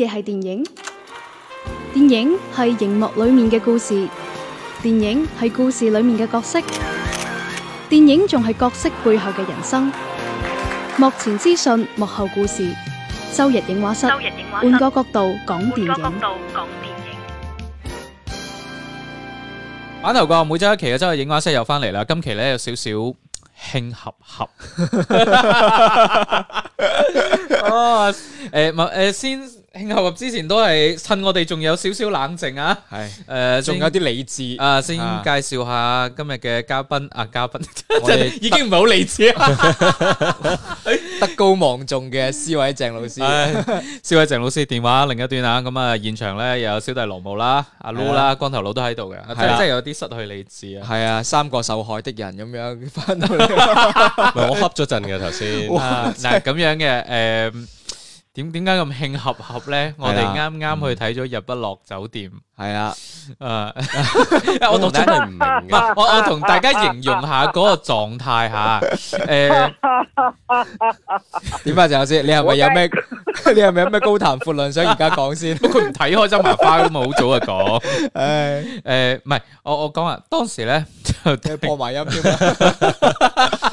嘢係電影，電影係熒幕裏面嘅故事，電影係故事裏面嘅角色，電影仲係角色背後嘅人生。幕前資訊，幕後故事，周日影畫室，換個角度講電影。玩頭哥，每周一期嘅周日影畫室又翻嚟啦，今期咧有少少慶合合。哦，誒，唔，誒，先。慶合之前都係趁我哋仲有少少冷靜啊，係誒仲有啲理智啊，先介紹下今日嘅嘉賓啊，嘉賓，真係已經唔係好理智，德高望重嘅思偉鄭老師，思偉鄭老師電話另一端啊，咁啊現場咧又有小弟羅帽啦，阿 Lo 啦，光頭佬都喺度嘅，真係真係有啲失去理智啊，係啊，三個受害的人咁樣翻到嚟，我恰咗陣嘅頭先，嗱咁樣嘅誒。點點解咁慶合合咧？呢 我哋啱啱去睇咗日不落酒店。係啊，誒， 我到底係唔明嘅。我我同大家形容下嗰個狀態吓，誒、呃，點解，鄭老師，你係咪有咩？的 你係咪有咩高談闊論想而家講先？ 不過佢唔睇開周麻花咁嘛，好早啊講。誒、 欸，誒、 欸，唔係，我我講話當時咧就播埋音啫。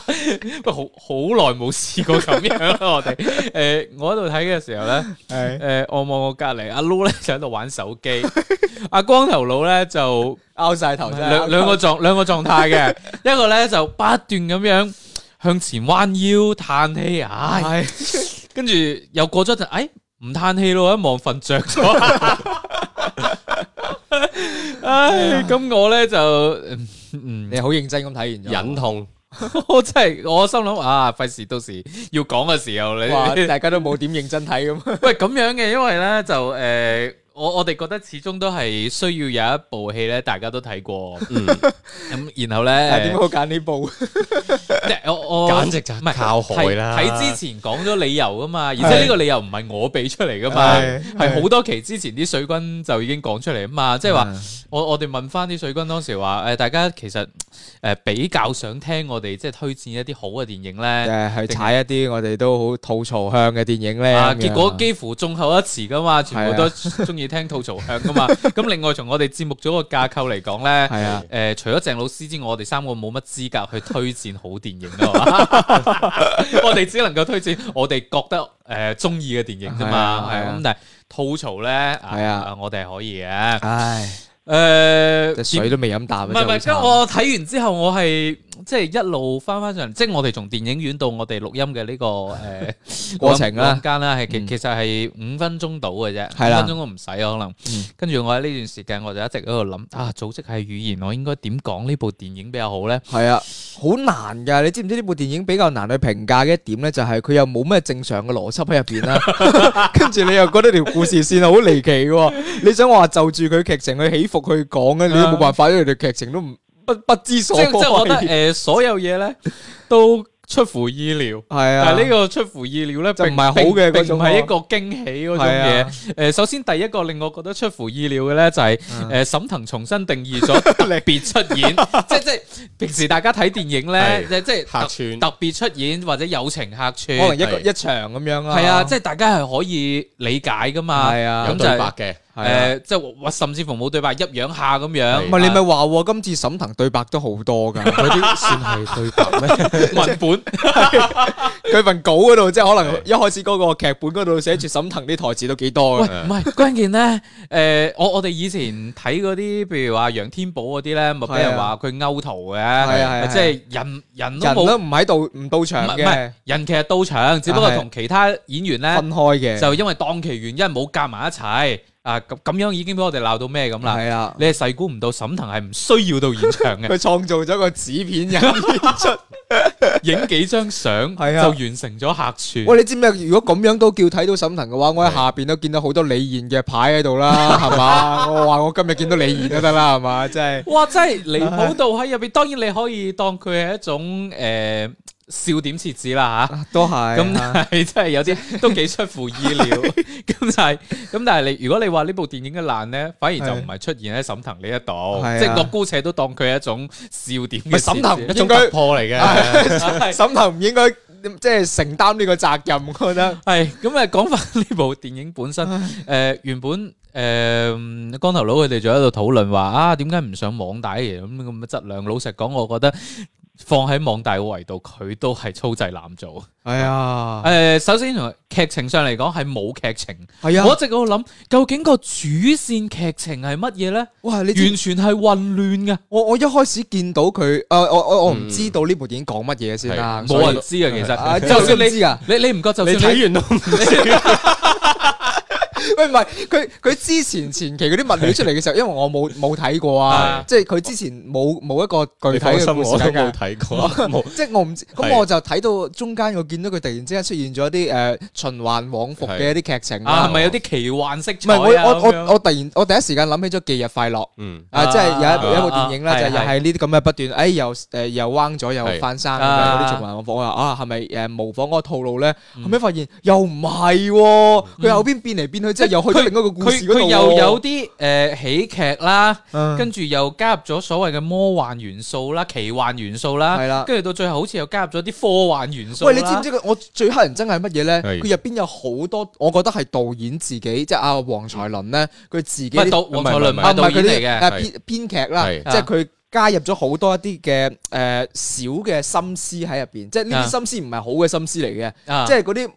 不過好好耐冇試過咁樣我哋。誒，我喺度睇嘅時候咧，誒、呃，我望我隔籬阿 Lulu 盧咧，喺度玩手機。 阿光頭佬咧就拗晒頭啦，兩兩個狀兩個狀態嘅， 一個咧就不斷咁樣向前彎腰嘆氣，唉， 跟住又過咗陣，哎，唔嘆氣咯，一望瞓着咗， 唉，咁我咧就，嗯、你好認真咁睇完，忍痛， 我真係我心諗啊，費事到時要講嘅時候，你大家都冇點認真睇咁， 喂，咁樣嘅，因為咧就誒。呃我我哋覺得始終都係需要有一部戲咧，大家都睇過， 嗯，咁然後咧，點解揀呢部？即 係我我簡直就唔係靠海啦。睇之前講咗理由噶嘛，而且呢個理由唔係我俾出嚟噶嘛，係好多期之前啲水軍就已經講出嚟啊嘛，即係話是我我哋問翻啲水軍當時話，誒、呃，大家其實誒、呃、比較想聽我哋即係推薦一啲好嘅電影咧，係是是踩一啲我哋都好吐槽向嘅電影咧、啊，結果幾乎眾口一詞噶嘛，全部都中意。聽吐槽向噶嘛？咁另外從我哋節目組個架構嚟講咧，係啊，誒，除咗鄭老師之外，我哋三個冇乜資格去推薦好電影啊，係嘛？ 我哋只能夠推薦我哋覺得誒中意嘅電影啫嘛，係咁、 嗯。但係吐槽咧，係啊、 呃，我哋係可以嘅。唉，誒、呃，水都未飲啖，唔係唔係，即係我睇完之後我係。即係一路翻翻上，即、就、係、是、我哋從電影院到我哋錄音嘅呢、這個誒、呃、過程啦間啦，係其其實係五分鐘到嘅啫，五分鐘都唔使可能。嗯、跟住我喺呢段時間，我就一直喺度諗啊，組織係語言，我應該點講呢部電影比較好咧？係啊，好難噶！你知唔知呢部電影比較難去評價嘅一點咧？就係佢又冇咩正常嘅邏輯喺入邊啦。 跟住你又覺得條故事線好離奇，你想話就住佢劇情去起伏去講咧，你都冇辦法，因為佢劇情都唔。 不不知所，即即係我覺得誒，所有嘢咧都出乎意料，係啊。但係呢個出乎意料咧就唔係好嘅，唔係一個驚喜嗰種嘢。誒，首先第一個令我覺得出乎意料嘅咧就係誒，沈騰重新定義咗特別出演，即即係平時大家睇電影咧，即即係客串特別出演或者友情客串，可能一個一場咁樣啦。係啊，即係大家係可以理解噶嘛。係啊，咁就，有對白嘅。誒，即係甚至乎冇對白，一仰下咁樣。唔係你咪話喎，今次沈騰對白都好多噶，嗰啲算係對白咩？文本佢份稿嗰度，即係可能一開始嗰個劇本嗰度寫住沈騰啲台詞都幾多喂，唔係關鍵咧，誒，我我哋以前睇嗰啲，譬如話楊天寶嗰啲咧，咪俾人話佢勾圖嘅，即係人人都冇都唔喺度，唔到場嘅。唔係人其實到場，只不過同其他演員咧分開嘅，就因為檔期原因冇夾埋一齊。啊咁咁樣已經俾我哋鬧到咩咁啦？係啊！你係細估唔到沈騰係唔需要到現場嘅，佢創 造咗個紙片人演出，影 幾張相，係啊，就完成咗客串。喂，你知咩？如果咁樣都叫睇到沈騰嘅話，我喺下邊都見到好多李現嘅牌喺度啦，係嘛？我話我今日見到李現都得啦，係嘛？真係，哇！真係離譜到喺入邊。面 當然你可以當佢係一種誒。呃笑點設置啦吓，都係咁，但係真係有啲都幾出乎意料。咁但係咁但係你如果你話呢部電影嘅爛咧，反而就唔係出現喺沈騰呢一度，即係我姑且都當佢係一種笑點嘅沈騰一種突破嚟嘅。沈騰唔應該即係承擔呢個責任，我覺得係咁啊。講翻呢部電影本身，誒原本誒光頭佬佢哋仲喺度討論話啊，點解唔上網帶嘅咁咁嘅質量？老實講，我覺得。放喺網大嘅圍度，佢都係粗製濫造。係啊、哎呀，誒、呃，首先從劇情上嚟講係冇劇情。係啊、哎呀，我一直喺度諗，究竟個主線劇情係乜嘢咧？哇，你完全係混亂嘅。我我一開始見到佢，誒、呃，我我我唔知道呢部電影講乜嘢先啦，冇人知嘅其實。哎、呀就算你知㗎、嗯你，你你唔覺得就算你睇完都唔知。 唔係唔係，佢佢之前前期嗰啲物料出嚟嘅時候，因為我冇冇睇過啊，即係佢之前冇冇一個具體嘅世界你放心，我都冇睇過。即係我唔知，咁我就睇到中間我見到佢突然之間出現咗啲誒循環往復嘅一啲劇情啊，係咪有啲奇幻式？唔係，我我我我突然我第一時間諗起咗《忌日快樂》啊，即係有一部電影啦，就又係呢啲咁嘅不斷，誒又誒又彎咗又翻生嘅啲循環往復。我話啊，係咪誒模仿嗰個套路咧？後尾發現又唔係喎，佢後邊變嚟變去即又去另一個故事，佢又有啲誒喜劇啦，跟住又加入咗所謂嘅魔幻元素啦、奇幻元素啦，係啦，跟住到最後好似又加入咗啲科幻元素。喂，你知唔知佢我最黑人憎係乜嘢咧？佢入邊有好多，我覺得係導演自己，即係阿黃才倫咧，佢自己唔係導，黃才倫唔係導演嚟嘅，編編劇啦，即係佢加入咗好多一啲嘅誒小嘅心思喺入邊，即係呢啲心思唔係好嘅心思嚟嘅，即係嗰啲。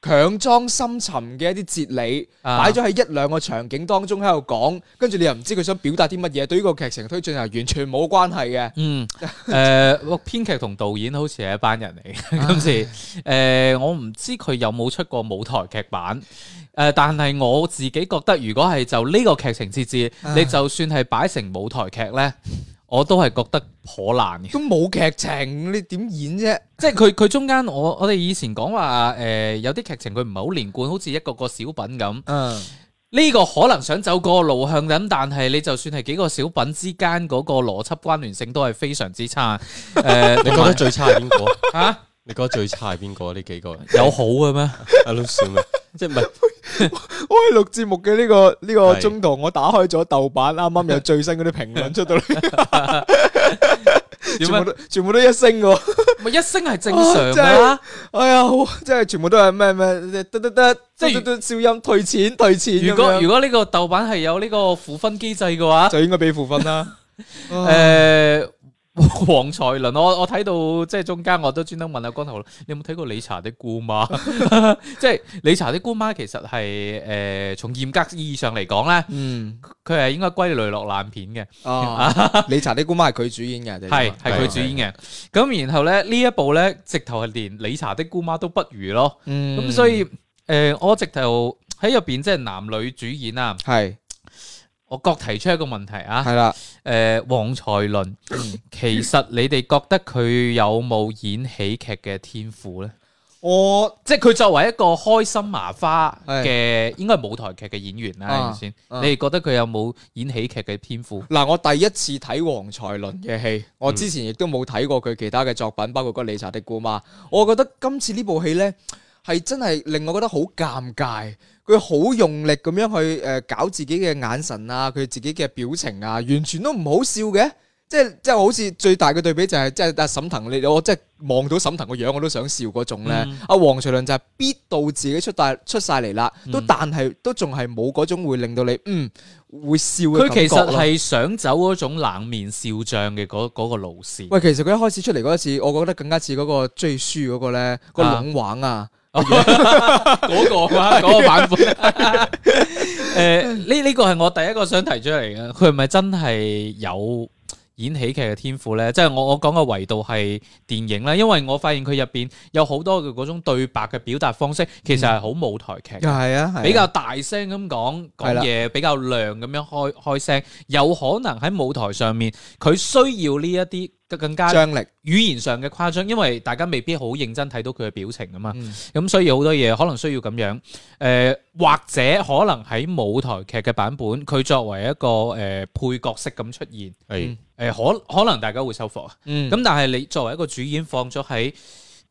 強裝深沉嘅一啲哲理，擺咗喺一兩個場景當中喺度講，跟住，啊、你又唔知佢想表達啲乜嘢，對於個劇情推進係完全冇關係嘅。嗯，誒、 呃，編劇同導演好似係一班人嚟。今次，誒、啊、呃，我唔知佢有冇出過舞台劇版，誒、呃，但係我自己覺得，如果係就呢個劇情設置，啊、你就算係擺成舞台劇呢。啊嗯我都係覺得頗爛嘅，都冇劇情，你點演啫？即係佢佢中間，我我哋以前講話誒，有啲劇情佢唔係好連貫，好似一個個小品咁。嗯，呢個可能想走個路向咁，但係你就算係幾個小品之間嗰個邏輯關聯性都係非常之差。誒、呃，你覺得最差係邊個啊？你覺得最差係邊個？呢幾個有好嘅咩？阿 Lucy 即係唔係？我係錄節目嘅呢個呢個中途，我打開咗豆瓣，啱啱有最新嗰啲評論出到嚟，全部都全部都一星㗎，咪一星係正常咩？哎呀，即係全部都係咩咩，得得得，即係得笑音，退錢退錢。如果如果呢個豆瓣係有呢個負分機制嘅話，就應該俾負分啦。誒。黃才倫，我我睇到即係中間，我都專登問阿光頭，你有冇睇過李茶的姑媽？ 即係李茶的姑媽，其實係誒從嚴格意義上嚟講咧，嗯，佢係應該歸類落爛片嘅。哦，李 茶的姑媽係佢主演嘅，係係佢主演嘅。咁的然後咧呢一部咧，直頭係連李茶的姑媽都不如咯。咁、嗯、所以誒、呃，我直頭喺入邊即係男女主演啊，係。我各提出一個問題啊，係啦的，誒、呃，黃才倫， 其實你哋覺得佢有冇演喜劇嘅天賦呢？我即係佢作為一個開心麻花嘅，的應該係舞台劇嘅演員啦、啊。先的，的你哋覺得佢有冇演喜劇嘅天賦？嗱、啊啊，我第一次睇黃才倫嘅戲，我之前亦都冇睇過佢其他嘅作品，包括個《李茶的姑媽》，我覺得今次呢部戲呢。係真係令我覺得好尷尬，佢好用力咁樣去誒、呃、搞自己嘅眼神啊，佢自己嘅表情啊，完全都唔好笑嘅，即係即係好似最大嘅對比就係、是、即係、啊、阿沈騰，你我即係望到沈騰個樣我都想笑嗰種咧。阿、嗯啊、黃才倫就係逼到自己出大出晒嚟啦，都但係、嗯、都仲係冇嗰種會令到你嗯會笑。佢其實係想走嗰種冷面笑匠嘅嗰嗰個路線。喂，其實佢一開始出嚟嗰一次，我覺得更加似嗰個追書嗰個咧，個冷王啊。嗰、 那個嘛，嗰、那個版本。誒、 呃，呢呢個係我第一個想提出嚟嘅。佢係咪真係有演喜劇嘅天賦呢？即、就、係、是、我我講嘅維度係電影啦，因為我發現佢入邊有好多嘅嗰種對白嘅表達方式，其實係好舞台劇。係啊、嗯，比較大聲咁講講嘢，啊啊、比較亮咁樣開、啊、開聲，有可能喺舞台上面，佢需要呢一啲。更更加張力，語言上嘅誇張，因為大家未必好認真睇到佢嘅表情啊嘛。咁所以好多嘢可能需要咁樣。誒，或者可能喺舞台劇嘅版本，佢作為一個誒配角色咁出現。係誒，可可能大家會收貨啊。咁但係你作為一個主演，放咗喺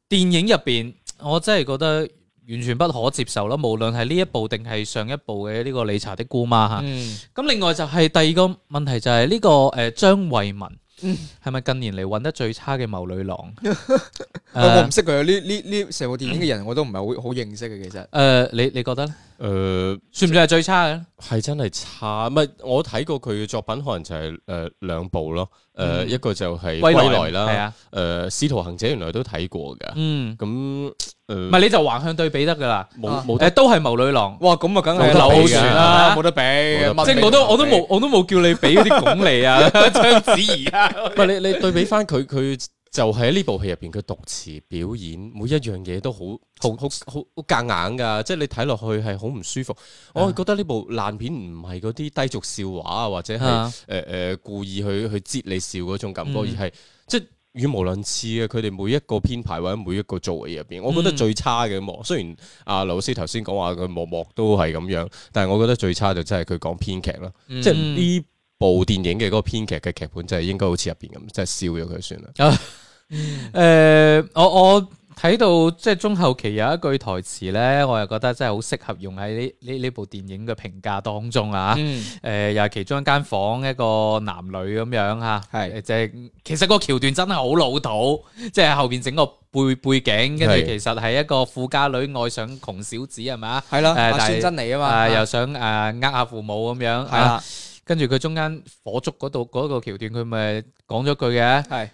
電影入邊，我真係覺得完全不可接受啦。無論係呢一部定係上一部嘅呢個理查的姑媽嚇。咁另外就係第二個問題就係呢個誒張慧文。嗯，係咪近年嚟揾得最差嘅謀女郎？ uh, 我唔識佢。呢呢呢成部電影嘅人，我都唔係好好認識嘅。其實，誒、uh，你你覺得咧？誒，算唔算係最差嘅？係真係差，咪我睇過佢嘅作品，可能就係誒兩部咯。誒，一個就係歸來啦。係啊，誒，《使徒行者》原來都睇過嘅。嗯，咁誒，唔係你就橫向對比得噶啦。冇冇，都係謀女郎。哇，咁啊，梗係劉浩存啦，冇得比。即係我都我都冇我都冇叫你比啲鞏俐啊、章子怡啊。唔係你你對比翻佢佢。就係喺呢部戲入邊，佢讀詞、表演每一樣嘢都好好好好夾硬㗎，即係你睇落去係好唔舒服。啊、我覺得呢部爛片唔係嗰啲低俗笑話啊，或者係誒誒故意去去擠你笑嗰種感覺，嗯、而係即係語無倫次嘅。佢哋每一個編排或者每一個作為入邊，我覺得最差嘅。嗯、雖然阿、啊、劉老師頭先講話佢幕幕都係咁樣，但係我覺得最差就真係佢講編劇啦，即係呢。嗯部電影嘅嗰個編劇嘅劇本就係應該好似入邊咁，即係笑咗佢算啦。誒，我我睇到即係中後期有一句台詞咧，我又覺得真係好適合用喺呢呢呢部電影嘅評價當中啊。誒，又係其中一間房一個男女咁樣吓，係即係其實個橋段真係好老土，即係後邊整個背背景跟住其實係一個富家女愛上窮小子係咪？係咯，但真嚟㗎嘛，又想誒呃下父母咁樣係啊。跟住佢中間火燭嗰度嗰一個橋段，佢咪講咗句嘅，係是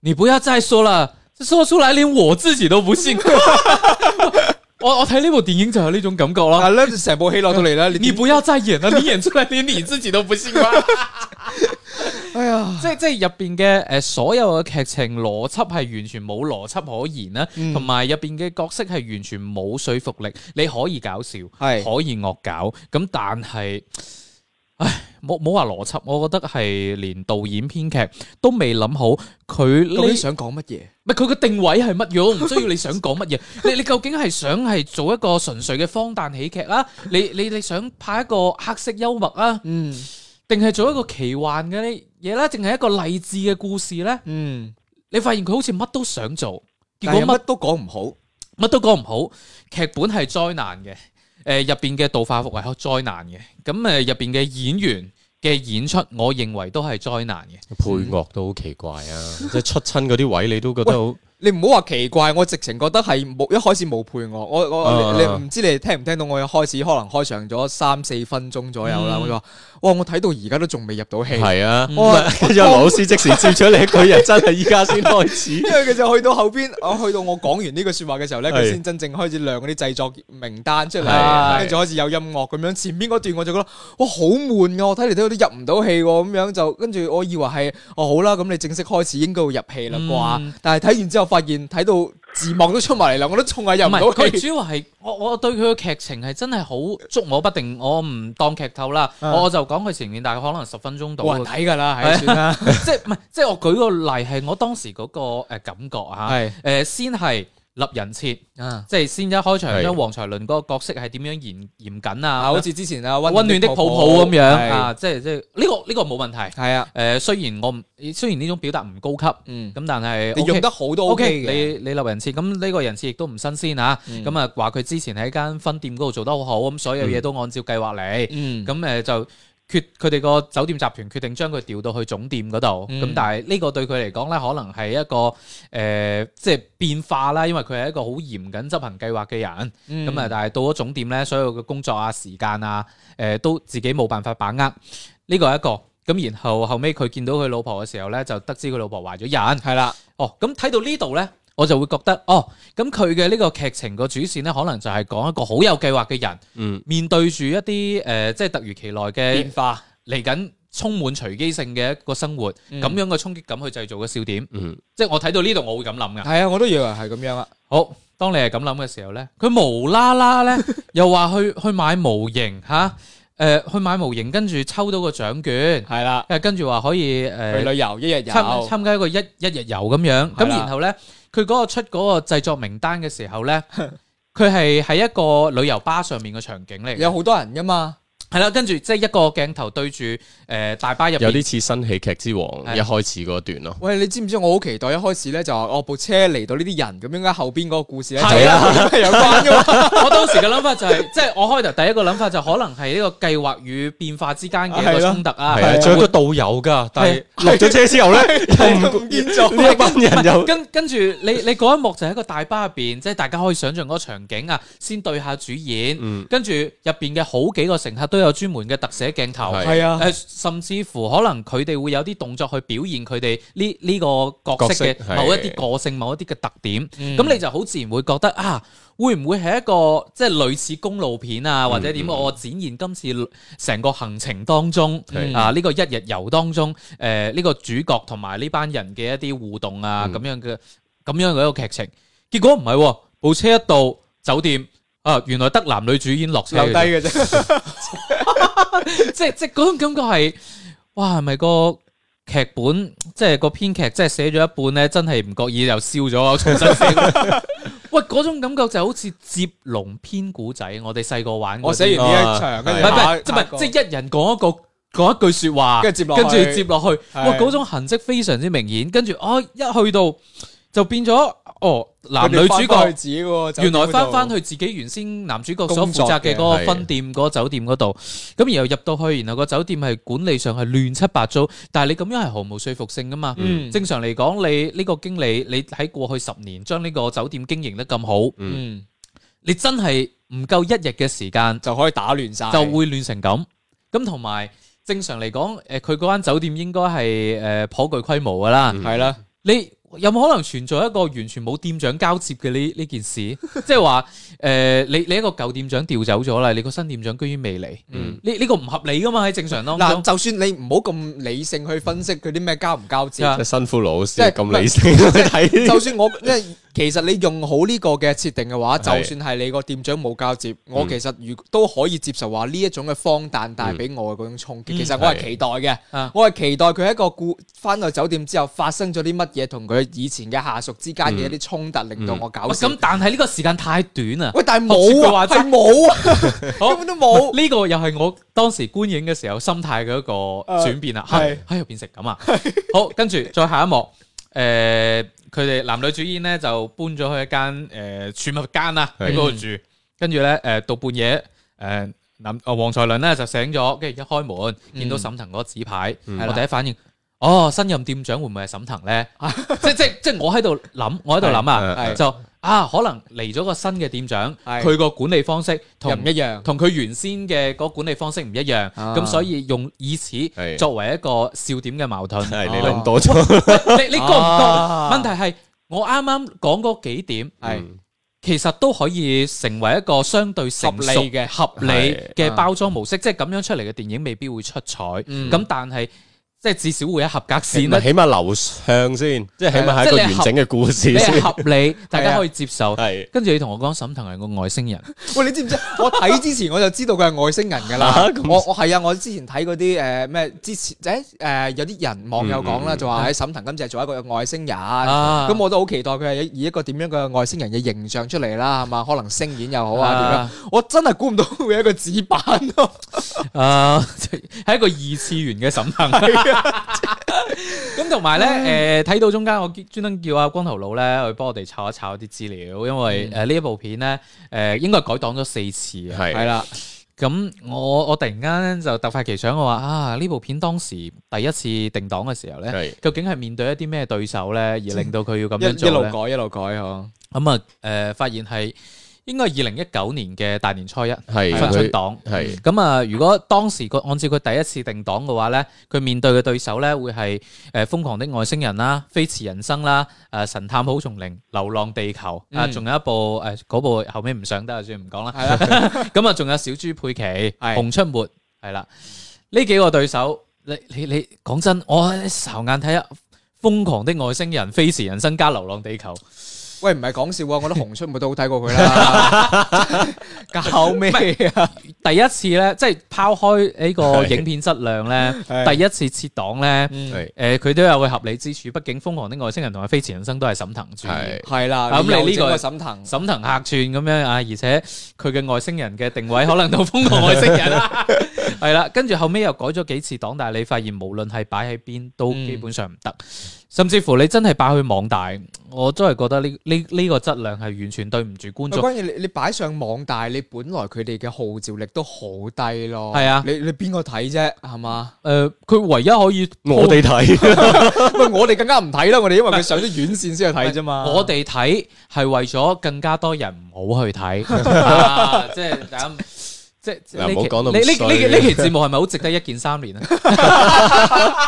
你不要再說了，說出來連我自己都不信 我。我我睇呢部電影就有呢種感覺啦。 你不要再演啦，你演出嚟，連你自己都不信啦。 哎呀呦，即係即係入邊嘅誒，就是，所有嘅劇情邏輯係完全冇邏輯可言啦，同埋入邊嘅角色係完全冇說服力。你可以搞笑，係是可以惡搞，咁但係。冇冇話邏輯，我覺得係連導演編劇都未諗好，佢呢想講乜嘢？唔係佢個定位係乜樣？我唔需要你想講乜嘢？你你究竟係想係做一個純粹嘅荒誕喜劇啊？你你你想拍一個黑色幽默啊？嗯，定係做一個奇幻嘅嘢咧？定係一個勵志嘅故事咧？嗯，你發現佢好似乜都想做，結果乜都講唔好，乜都講唔好，劇本係災難嘅。誒，入邊嘅導化服為好災難嘅，咁誒入邊嘅演員嘅演出，我認為都係災難嘅。配樂都好奇怪啊， 即係出親嗰啲位，你都覺得好。你唔好話奇怪，我直情覺得係冇一開始冇配樂，我、啊、我你唔、啊、知你聽唔聽到，我一開始可能開場咗三四分鐘左右啦，我就、嗯。哇！我睇到而家都仲未入到戲，係啊，跟住阿羅老師即時接出嚟，佢又真係依家先開始。我 因為佢就去到後邊，我、 啊、去到我講完呢句說話嘅時候咧，佢先 真正開始亮嗰啲製作名單出嚟，跟住是的 開始有音樂咁樣。是的 前邊嗰段我就覺得，哇，好悶噶！我睇嚟睇去都入唔到戲，咁樣就跟住我以為係哦，好啦，咁你正式開始應該會入戲啦啩。但係睇完之後發現睇到。字幕都出埋嚟啦，我都衝下入佢。主要係我我對佢嘅劇情係真係好捉摸不定，我唔當劇透啦，嗯、我就講佢前面大概可能十分鐘到。睇噶啦，係算啦。即係唔係？即係我舉個例係我當時嗰個誒感覺吓，誒是先係。立人設啊，即係先一開場將黃才倫嗰個角色係點樣嚴嚴謹啊，好似之前啊溫暖的抱抱咁樣啊，即係即係呢個呢個冇問題，係啊，誒雖然我唔雖然呢種表達唔高級，嗯，咁但係你用得好都 OK 你你立人設，咁呢個人設亦都唔新鮮啊，咁啊話佢之前喺間分店嗰度做得好好，咁所有嘢都按照計劃嚟，嗯，咁誒就。決佢哋個酒店集團決定將佢調到去總店嗰度，咁、嗯、但係呢個對佢嚟講咧，可能係一個誒，即、呃、係、就是、變化啦，因為佢係一個好嚴謹執行計劃嘅人，咁啊、嗯，但係到咗總店咧，所有嘅工作啊、時間啊，誒，都自己冇辦法把握，呢個係一個，咁然後後尾，佢見到佢老婆嘅時候咧，就得知佢老婆懷咗孕，係啦，哦，咁睇到呢度咧。我就會覺得哦，咁佢嘅呢個劇情個主線呢，可能就係講一個好有計劃嘅人，嗯、面對住一啲誒、呃，即係突如其來嘅變化，嚟緊話充滿隨機性嘅一個生活，咁、嗯、樣嘅衝擊感去製造個笑點，嗯、即係我睇到呢度，我會咁諗嘅。係啊，我都以為係咁樣啊。好，當你係咁諗嘅時候端端呢，佢無啦啦呢，又話去去買模型嚇。誒、呃，去買模型，跟住抽到個獎券，係啦的，誒，跟住話可以誒、呃、去旅遊一日遊，參參加一個一一日遊咁樣，咁的然後咧，佢嗰個出嗰個製作名單嘅時候咧，佢係喺一個旅遊巴上面嘅場景嚟，有好多人㗎嘛。係啦，跟住即係一個鏡頭對住誒大巴入邊，有啲似新喜劇之王的一開始嗰段咯。喂，你知唔知我好期待一開始咧就話我部車嚟到呢啲人，咁應該後邊嗰個故事咧係啊，有關噶。我當時嘅諗法就係，即係我開頭第一個諗法就可能係呢個計劃與變化之間嘅一個衝突啊。係啊，仲有個導遊噶，但係落咗車之後咧唔不見咗， 呢一班人跟跟住你你嗰一幕就係一個大巴入邊，即係大家可以想象嗰個場景啊，先對下主演，嗯、跟住入邊嘅好幾個乘客都。有專門嘅特寫鏡頭，係啊，甚至乎可能佢哋會有啲動作去表現佢哋呢呢個角色嘅某一啲個性、某一啲嘅特點。咁、嗯、你就好自然會覺得啊，會唔會係一個即係類似公路片啊，或者點、嗯、我展現今次成個行程當中、嗯、啊呢、這個一日遊當中，誒、呃、呢、這個主角同埋呢班人嘅一啲互動啊，咁、嗯、樣嘅咁樣嗰個劇情，結果唔係、啊，部車一到酒店。啊，原來得男女主演落車，留低嘅啫， 即係即係嗰種感覺係，哇，係咪個劇本即係個編劇即係寫咗一半咧，真係唔覺意又燒咗，重新寫。喂，嗰種感覺就好似接龍編古仔，我哋細個玩過。我寫完呢一場，唔係係，即係即係一人講一,一句，講一句說話，跟住接落，跟住接落去。去哇，嗰種痕跡非常之明顯。跟住哦，一去到，到。就變咗哦，男女主角去原來翻翻去自己原先男主角所負責嘅嗰個分店嗰個酒店嗰度，咁的然後入到去，然後個酒店係管理上係亂七八糟，但係你咁樣係毫無說服性噶嘛？嗯、正常嚟講，你呢個經理你喺過去十年將呢個酒店經營得咁好，嗯，嗯，你真係唔夠一日嘅時間就可以打亂晒，就會亂成咁。咁同埋正常嚟講，誒、呃，佢嗰間酒店應該係誒頗具規模噶啦，係啦、嗯，的你。你有冇可能存在一個完全冇店長交接嘅呢呢件事？即係話，誒、呃，你你一個舊店長調走咗啦，你個新店長居然未嚟，呢、嗯、呢、嗯、個唔合理噶嘛？喺正常咯。嗱，就算你唔好咁理性去分析佢啲咩交唔交接啊，啊辛苦老師，咁、就是、理性去睇不，即係就算我即係。 其實你用好呢個嘅設定嘅話，就算係你個店長冇交接，我其實如都可以接受話呢一種嘅荒誕帶俾我嘅嗰種衝擊。其實我係期待嘅，我係期待佢喺個故翻到酒店之後發生咗啲乜嘢，同佢以前嘅下屬之間嘅一啲衝突，令到我搞笑。咁但係呢個時間太短啊！喂，但係冇啊，係冇啊，根本都冇。呢個又係我當時觀影嘅時候心態嘅一個轉變啦，係喺入邊變成咁啊。好，跟住再下一幕。誒，佢哋、呃、男女主演咧就搬咗去一間誒儲物間啊，喺嗰度住。的跟住咧，誒、呃、到半夜，誒男啊黃才倫咧就醒咗，跟住一開門見到沈騰嗰紙牌，嗯、的我第一反應，哦，新任店長會唔會係沈騰咧、啊？ 即即即我喺度諗，我喺度諗啊，就。啊，可能嚟咗個新嘅店長，佢個管理方式同唔一樣，同佢原先嘅嗰管理方式唔一樣，咁所以用以此作為一個笑點嘅矛盾。你諗多咗，你你覺唔覺？問題係我啱啱講嗰幾點，其實都可以成為一個相對成熟嘅合理嘅包裝模式，即係咁樣出嚟嘅電影未必會出彩，咁但係。即係至少會有合格線，起碼流暢先，即係起碼係一個完整嘅故事先，合理大家可以接受。跟住你同我講，沈騰係個外星人。喂，你知唔知？我睇之前我就知道佢係外星人㗎啦。我我係啊！我之前睇嗰啲誒咩之前誒有啲人網友講啦，就話喺沈騰今次係做一個外星人。咁我都好期待佢係以一個點樣嘅外星人嘅形象出嚟啦，係嘛？可能聲演又好啊點樣？我真係估唔到會一個紙板咯。啊，係一個二次元嘅沈騰。咁同埋咧，誒、呃，睇到中間我專登叫阿光頭佬咧去幫我哋查一查啲資料，因為誒呢、嗯呃、一部片咧，誒、呃，應該改檔咗四次啊，係啦是。咁我我突然間就突發奇想，我話啊，呢部片當時第一次定檔嘅時候咧，係是究竟係面對一啲咩對手咧，而令到佢要咁樣做一,一路改一路改嗬。咁啊，誒、嗯呃，發現係。應該係二零一九年嘅大年初一，翻的出檔。係咁啊，如果當時佢按照佢第一次定檔嘅話咧，佢面對嘅對手咧會係誒《瘋狂的外星人》啦，《飛馳人生》啦，《誒神探蒲松齡》、《流浪地球》啊，仲有一部誒嗰部後尾唔上得，就算唔講啦。係啦，咁啊仲有小豬佩奇、熊出沒，係啦，呢幾個對手，你你你講真，我睄眼睇下，《瘋狂的外星人》、《飛馳人生》加《流浪地球》。喂，唔係講笑，我覺得熊出沒都好睇過佢啦。教咩 麼第一次呢，即係拋開呢個影片質量呢，是的 第一次撤檔呢，誒，佢都有個合理之處。畢竟瘋《瘋狂的外星人》同 埋《飛馳人生》都係沈騰主演，係啦。咁你呢個沈騰，沈騰客串咁樣啊？而且佢嘅外星人嘅定位可能到《瘋狂外星人》啦，係啦。跟住後尾又改咗幾次檔，但係你發現無論係擺喺邊都基本上唔得。嗯甚至乎你真係擺去網大，我都係覺得呢呢呢個質量係完全對唔住觀眾。關鍵你你擺上網大，你本來佢哋嘅號召力都好低咯。係啊，你你邊個睇啫？係嘛吧？誒、呃，佢唯一可以我哋睇， 我哋更加唔睇啦。我哋因為佢上咗院線先去睇啫嘛。我哋睇係為咗更加多人唔好去睇、 啊，即係大家即係唔好講到呢呢呢期節目係咪好值得一鍵三連啊？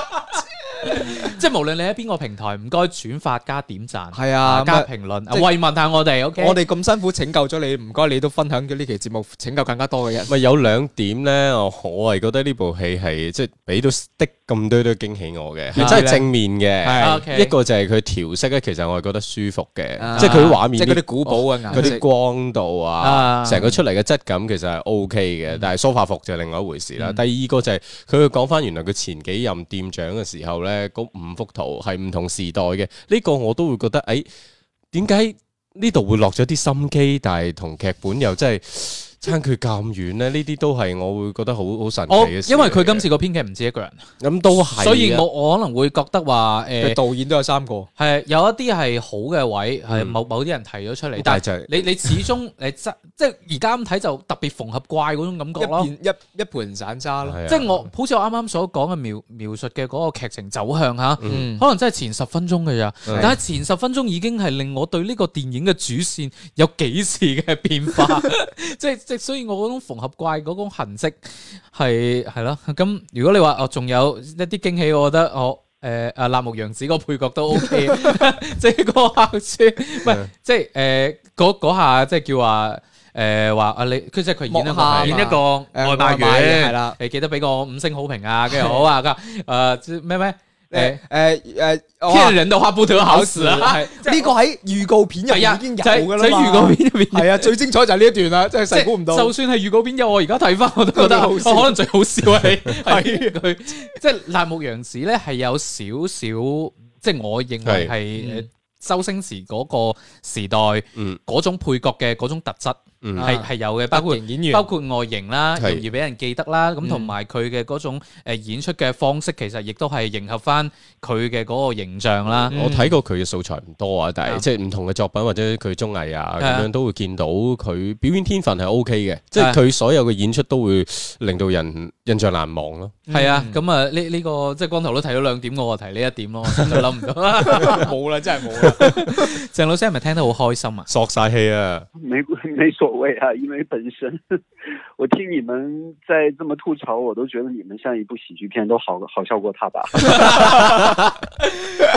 即係無論你喺邊個平台，唔該轉發加點讚，係啊，加評論，慰問下我哋。O K，我哋咁辛苦拯救咗你，唔該你都分享咗呢期節目，拯救更加多嘅人。咪有兩點咧，我係覺得呢部戲係即係俾到的咁多都驚喜我嘅，係真係正面嘅。係 O K，一個就係佢調色咧，其實我係覺得舒服嘅，即係佢啲畫面，即係嗰啲古堡嘅顏色，嗰啲光度啊，成個出嚟嘅質感其實係 O K 嘅。但係梳化服就係另外一回事啦。第二個就係佢講翻原來佢前幾任店長嘅時候咧，嗰五五幅圖係唔同時代嘅呢個，我都會覺得誒，唉，點解呢度會落咗啲心機，但係同劇本又真係。差佢咁遠咧，呢啲都係我會覺得好好神奇嘅事。因為佢今次個編劇唔止一個人，咁都係。所以我我可能會覺得話，誒，導演都有三個，係有一啲係好嘅位，係某某啲人提咗出嚟。但係，你你始終你即即而家咁睇就特別縫合怪嗰種感覺咯，一一盤散渣咯。即係我好似我啱啱所講嘅描描述嘅嗰個劇情走向吓，可能真係前十分鐘嘅咋，但係前十分鐘已經係令我對呢個電影嘅主線有幾次嘅變化，即係即。所以我嗰種縫合怪嗰種痕跡係係咯，咁如果你話哦，仲有一啲驚喜，我覺得我誒辣目洋子個配角都 OK，即係嗰下先，即係誒嗰下即係叫話誒話阿你，即係佢演一個外賣員係啦，你記得俾個五星好評啊，跟住好啊，咁誒咩咩？argu able puisque 誒誒誒，騙、欸欸欸欸欸、人的話不得好死啊！呢個喺預告片入面已經有噶啦，喺預告片入面係啊，最精彩就係呢一段啦，即係估唔到，就算係預告片有，我而家睇翻我都覺得好，我可能最好笑係係佢，即係辣目洋子咧係有少少，即、就、係、是、我認為係周星馳嗰個時代，嗰、嗯、種配角嘅嗰種特質。係係有嘅，包括包括外形啦，容易俾人記得啦，咁同埋佢嘅嗰種誒演出嘅方式，其實亦都係迎合翻佢嘅嗰個形象啦。我睇過佢嘅素材唔多啊，但係即係唔同嘅作品或者佢綜藝啊咁樣都會見到佢表演天分係 OK 嘅，即係佢所有嘅演出都會令到人印象難忘咯。係啊，咁啊呢呢個即係光頭佬睇咗兩點嘅話題呢一點咯，就諗唔到啦，冇啦，真係冇啦。鄭老師係咪聽得好開心啊？索曬氣啊！你你索？喂啊，因為本身。 我聽你們再這麼吐槽，我都覺得你們像一部喜劇片，都好好笑過他吧。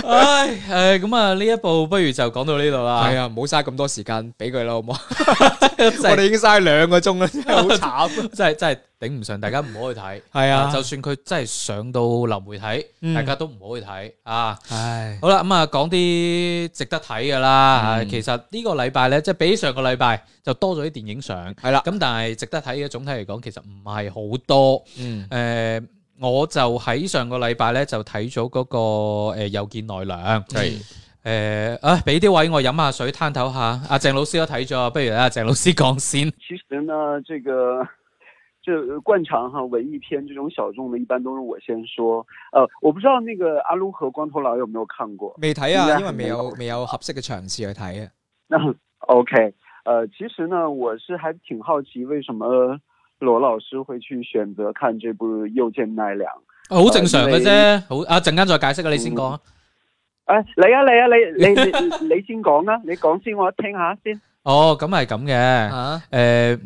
唉，咁啊，呢一部不如就講到呢度啦。係啊，唔好嘥咁多時間俾佢咯，好唔好？就是就是，我哋已經嘥兩個鐘啦，真係好慘。真係真係頂唔順，大家唔好去睇。係、嗯、啊，就算佢真係上到流媒體，大家都唔好去睇啊。係、哎、好啦，咁、嗯、啊，講、嗯、啲值得睇噶啦。嗯、其實個禮呢個禮拜咧，即、就、係、是、比上個禮拜就多咗啲電影上係啦。咁但係值得。睇嘅總體嚟講，其實唔係好多。嗯，誒、呃，我就喺上個禮拜咧就睇咗嗰個誒《又見奈良》。係誒是、呃，啊，俾啲位我飲下水，攤抖下。阿、啊、鄭老師都睇咗，不如阿鄭老師講先。其實呢，這個就慣常哈文藝片這種小眾的，一般都是我先說。呃，我不知道那個阿魯和光頭佬有沒有看過。未睇啊，因為未有，沒有合適嘅場次去睇啊。O、OK、K。誒、呃，其實呢，我是還挺好奇，為什麼羅老師會去選擇看這部《又見奈良》？好正常嘅啫，嗯、好啊，陣間再解釋啊，你先講。誒、嗯，嚟啊嚟啊，你你你、啊、 你先講、哦、啊，你講先我聽下先。哦，咁係咁嘅，誒，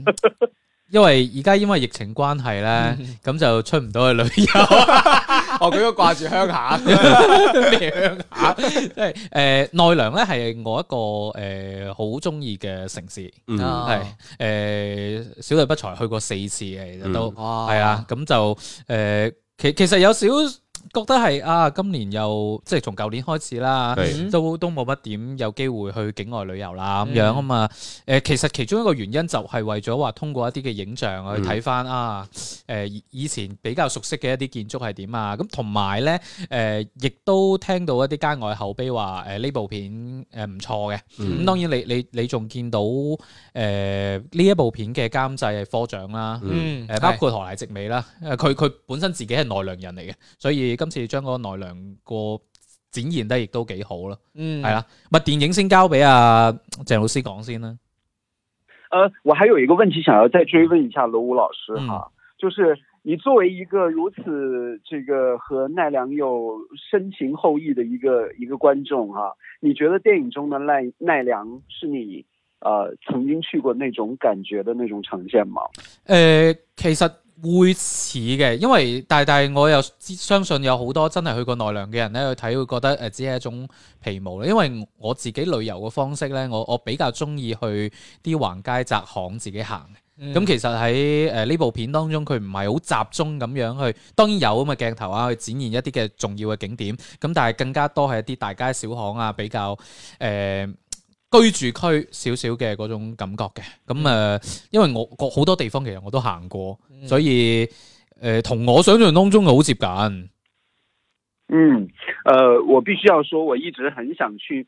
因為而家因為疫情關係咧，咁 就出唔到去旅遊。 哦，佢都掛住鄉下，咩鄉下？即係誒，奈良咧，係我一個誒好中意嘅城市，係誒、mm hmm. 呃、小弟不才去過四次嘅、mm hmm. 啊呃，其實都係啊，咁就誒其其實有少。覺得係啊，今年又即係從舊年開始啦，都都冇乜點有機會去境外旅遊啦咁樣啊嘛。誒，其實其中一個原因就係為咗話通過一啲嘅影像去睇翻啊，誒以前比較熟悉嘅一啲建築係點啊。咁同埋咧，誒亦都聽到一啲街外口碑話誒呢部片誒唔錯嘅。咁當然你你你仲見到誒呢一部片嘅監製係科長啦，誒包括河瀨直美啦，誒佢佢本身自己係奈良人嚟嘅，所以。你今次將嗰奈良個展現得亦都幾好咯，嗯，係啦，咪電影先交俾阿鄭老師講先啦。誒、呃，我還有一個問題想要再追問一下羅武老師哈、啊，就是你作為一個如此這個和奈良有深情厚誼的一個一個觀眾哈、啊，你覺得電影中的奈奈良是你誒、呃、曾經去過那種感覺的那種呈現嗎？誒、呃，其實。會似嘅，因為但但係我又相信有好多真係去過奈良嘅人咧，去睇會覺得誒，只係一種皮毛。因為我自己旅遊嘅方式咧，我我比較中意去啲橫街窄巷自己行。咁、嗯嗯、其實喺誒呢部片當中，佢唔係好集中咁樣去，當然有咁嘅鏡頭啊去展現一啲嘅重要嘅景點。咁但係更加多係一啲大街小巷啊，比較誒。呃居住區少少嘅嗰種感覺嘅，咁誒、呃，因為我好多地方其實我都行過，所以誒、呃，同我想象當中好接近。嗯，誒、呃，我必須要說，我一直很想去。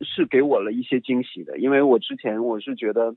是給我了一些驚喜的，因為我之前我是覺得。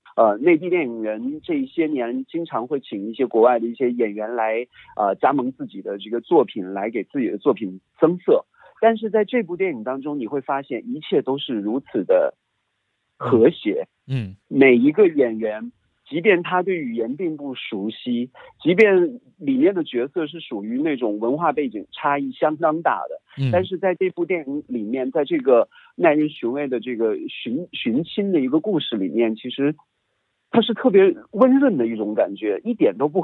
呃，內地電影人這一些年經常會請一些國外的一些演員來，呃，加盟自己的這個作品，來給自己的作品增色。但是在這部電影當中，你會發現一切都是如此的和諧。嗯，嗯，每一個演員，即便他對語言并不熟悉，即便裏面的角色是屬於那種文化背景差異相當大的，嗯，但是在這部電影裏面，在這個耐人尋味的這個尋尋親的一個故事裏面，其實。它是特別溫潤的一種感覺，一點都不。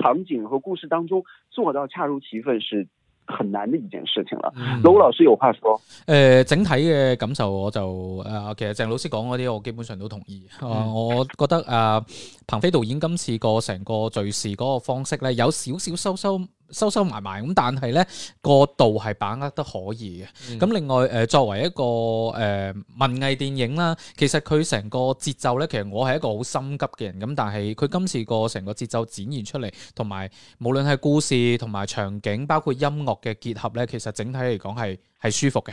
場景和故事當中做到恰如其分是很難的一件事情了。羅、嗯、老，老師有話說：誒、呃，整體嘅感受我就誒、呃，其實鄭老師講啲我基本上都同意。啊、呃，我覺得啊，鵬、呃、飛導演今次個成個敘事嗰個方式咧，有少少收收，收收埋埋咁，但係呢個度係把握得可以嘅。咁另外誒，作為一個誒文藝電影啦，其實佢成個節奏咧，其實我係一個好心急嘅人咁，但係佢今次個成個節奏展現出嚟，同埋無論係故事同埋場景，包括音樂嘅結合咧，其實整體嚟講係係舒服嘅。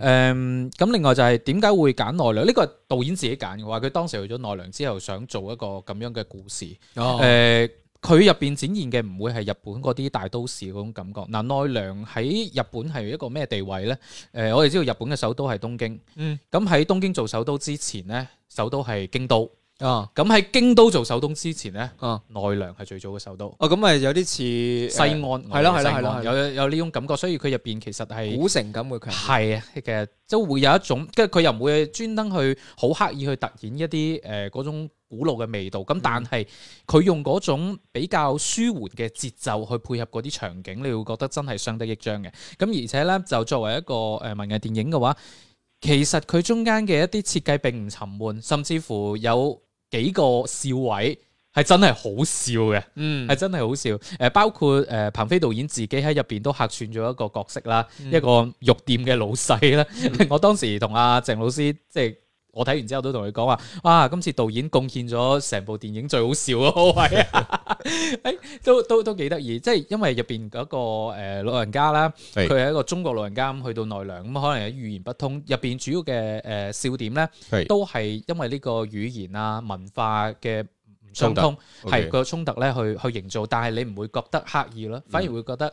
誒咁另外就係點解會揀奈良？呢個導演自己揀嘅話，佢當時去咗奈良之後，想做一個咁樣嘅故事。哦誒。佢入邊展現嘅唔會係日本嗰啲大都市嗰種感覺。嗱、呃，奈良喺日本係一個咩地位呢？誒、呃，我哋知道日本嘅首都係東京。嗯，咁喺東京做首都之前呢，首都係京都。啊、哦，咁喺京都做首都之前呢，啊、哦，奈良係最早嘅首都。哦，咁咪有啲似西安，係咯，係咯，係咯，有有呢種感覺。所以佢入邊其實係古城咁嘅，係嘅，即係會有一種，跟住佢又唔會專登去好刻意去突顯一啲誒嗰種。呃古老嘅味道，咁但係佢用嗰種比較舒緩嘅節奏去配合嗰啲場景，你會覺得真係相得益彰嘅。咁而且呢，就作爲一個誒文藝電影嘅話，其實佢中間嘅一啲設計並唔沉悶，甚至乎有幾個笑位係真係好笑嘅，嗯，係真係好笑。誒，包括誒彭飛導演自己喺入邊都客串咗一個角色啦，嗯、一個肉店嘅老細啦。嗯、 我當時同阿鄭老師即係。就是我睇完之後都同佢講話，哇、啊！今次導演貢獻咗成部電影最好笑嘅，好係，誒，都都都幾得意。即係因為入邊嗰個誒老人家啦，佢係是一個中國老人家咁去到奈良，咁可能語言不通，入邊主要嘅誒笑點咧，是都係因為呢個語言啊文化嘅唔相通，係個衝突咧去去營造，但係你唔會覺得刻意咯，反而會覺得。嗯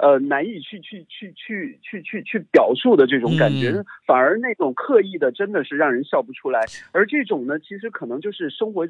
誒、呃，難以去去去去去去去表述的這種感覺，嗯、反而那種刻意的，真的是讓人笑不出來。而這種呢，其實可能就是生活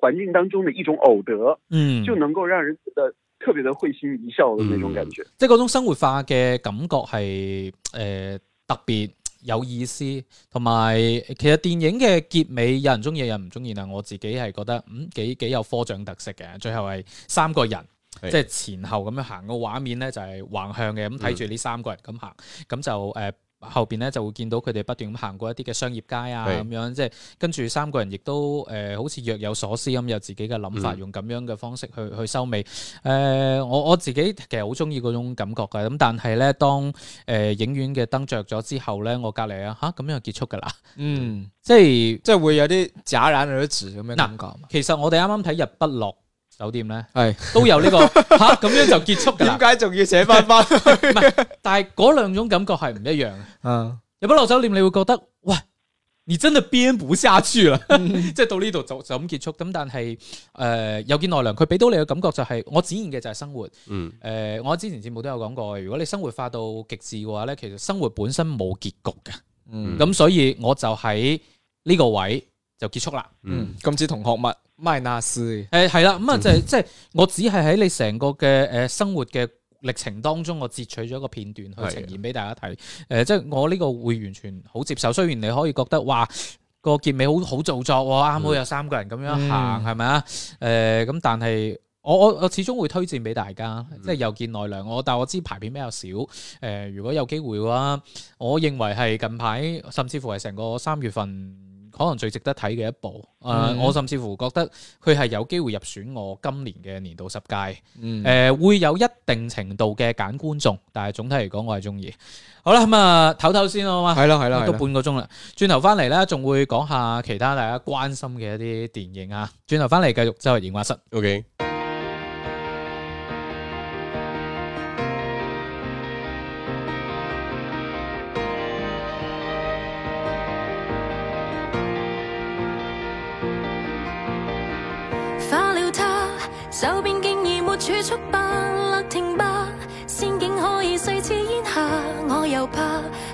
環境當中的一種偶得，嗯，就能夠讓人覺得特別的特別的會心一笑的那種感覺。即嗰、嗯嗯、種生活化嘅感覺係誒、呃、特別有意思，同埋其實電影嘅結尾，有人中意，有人唔中意啦。我自己係覺得嗯幾幾有科長特色嘅，最後係三個人。即係前後咁樣行個畫面咧，就係、是、橫向嘅咁睇住呢三個人咁行，咁、嗯、就誒、呃、後邊咧就會見到佢哋不斷咁行過一啲嘅商業街啊咁、嗯、樣，即係跟住三個人亦都誒、呃、好似若有所思咁，有自己嘅諗法，嗯、用咁樣嘅方式去去收尾。誒、呃，我我自己其實好中意嗰種感覺嘅，咁但係咧當誒、呃、影院嘅燈着咗之後咧，我隔籬啊吓咁樣就結束噶啦，嗯，即係是即係會有啲戛然而止咁樣感覺、啊。其實我哋啱啱睇日不落酒店咧係都有呢個吓咁樣就結束噶，點解仲要寫翻翻？唔係，但係嗰兩種感覺係唔一樣嘅。嗯，日不落酒店你會覺得，喂，你真係編唔下去啦，即係到呢度就就咁結束。咁但係誒，又見奈良，佢俾到你嘅感覺就係我展現嘅就係生活。嗯，誒，我之前節目都有講過，如果你生活化到極致嘅話咧，其實生活本身冇結局嘅。嗯，咁所以我就喺呢個位就結束啦。嗯，今次同學物。咪係啦，咁啊就係即係我只係喺你成個嘅誒、呃、生活嘅歷程當中，我截取咗一個片段去呈現俾大家睇，誒的、呃、即係我呢個會完全好接受。雖然你可以覺得哇、那個結尾好好做作喎、哦，啱、嗯、好有三個人咁樣行係咪啊？誒咁、嗯呃，但係我我我始終會推薦俾大家，嗯、即係又見奈良我。我但係我知排片比較少，誒、呃、如果有機會嘅話，我認為係近排甚至乎係成個三月份。可能最值得睇嘅一部，誒、嗯呃，我甚至乎覺得佢係有機會入選我今年嘅年度十佳，誒、嗯呃，會有一定程度嘅揀觀眾，但係總體嚟講我係中意。好啦，咁啊，唞唞先好嘛？係啦，係啦，都半個鐘啦。轉頭翻嚟咧，仲會講下其他大家關心嘅一啲電影啊。轉頭翻嚟繼續周日映畫室。OK。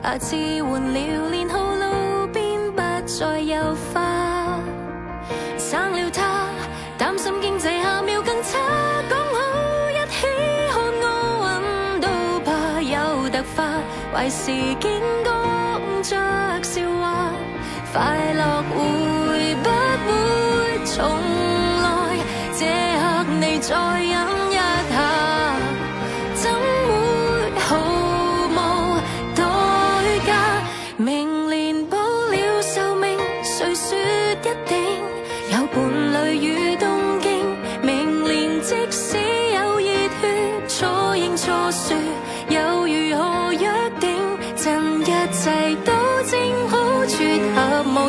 下次換了年號，路邊不再有花，生了他擔心經濟下秒更差，講好一起看奧運都怕有突發，壞事見慣着笑話，快樂會不會重來這刻你再有。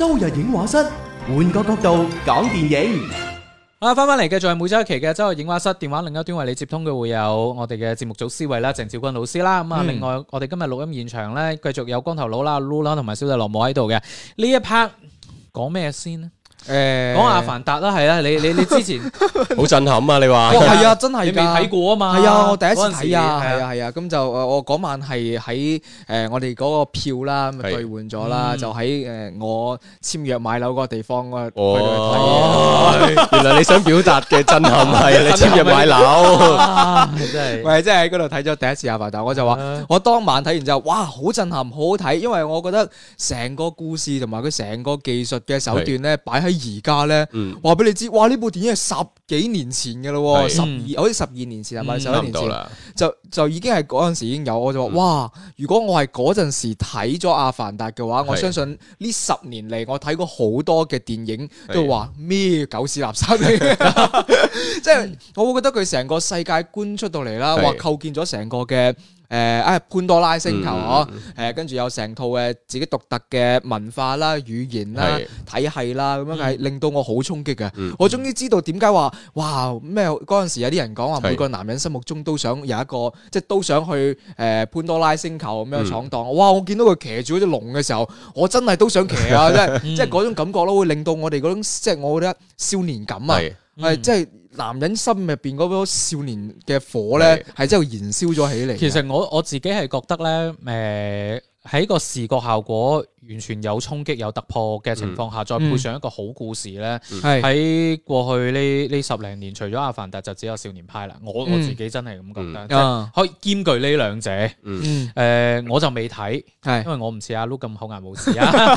周日影畫室，換個角度講電影，好啦、啊，翻返嚟繼續係每周一期嘅周日影畫室，電話另一端為你接通嘅會有我哋嘅節目組思維啦，鄭兆君老師啦，咁啊、嗯，另外我哋今日錄音現場咧，繼續有光頭佬啦、Lulu 同埋小弟羅武喺度嘅呢一 part 講咩先呢？誒，講阿凡達啦，係啦，你你你之前好震撼啊！你話，係啊，真係你未睇過啊嘛，係啊，我第一次睇啊，係啊係啊，咁就誒，我嗰晚係喺誒我哋嗰個票啦，咁兌換咗啦，就喺誒我簽約買樓個地方個去睇嘅。原來你想表達嘅震撼係你簽約買樓，係真係。喂，真係喺嗰度睇咗第一次阿凡達，我就話我當晚睇完之後哇好震撼，好好睇，因為我覺得成個故事同埋佢成個技術嘅手段咧擺喺。而家呢，話俾你知，哇！呢部電影係十幾年前嘅咯，十二好似十二年前啊，係咪？十一年前，就就已經係嗰陣時已經有，我就話，哇！如果我係嗰陣時睇咗《阿凡達》嘅話，我相信呢十年嚟我睇過好多嘅電影，都話咩狗屎垃圾，即係我會覺得佢成個世界觀出到嚟啦，話構建咗成個嘅。誒啊潘多拉星球嗬，誒跟住有成套嘅自己獨特嘅文化啦、語言啦、嗯、體系啦，咁樣係令到我好衝擊嘅。嗯、我終於知道點解話哇咩嗰陣時有啲人講話每個男人心目中都想有一個，即係都想去誒、呃、潘多拉星球咁樣闖蕩。哇！我見到佢騎住嗰隻龍嘅時候，我真係都想騎啊！即係、嗯嗯、即係嗰種感覺咯，會令到我哋嗰種即係我覺得少年感啊，係即係。嗯嗯男人心入邊嗰個少年嘅火咧，係對之後燃燒咗起嚟。其實我我自己係覺得咧，誒、呃，喺個視覺效果。完全有衝擊有突破嘅情況下，再配上一個好故事咧，喺過去呢呢十零年，除咗《阿凡達》，就只有《少年派》啦。我我自己真係咁覺得，可以兼具呢兩者。誒，我就未睇，因為我唔似阿 Luke 咁厚眼無視啊。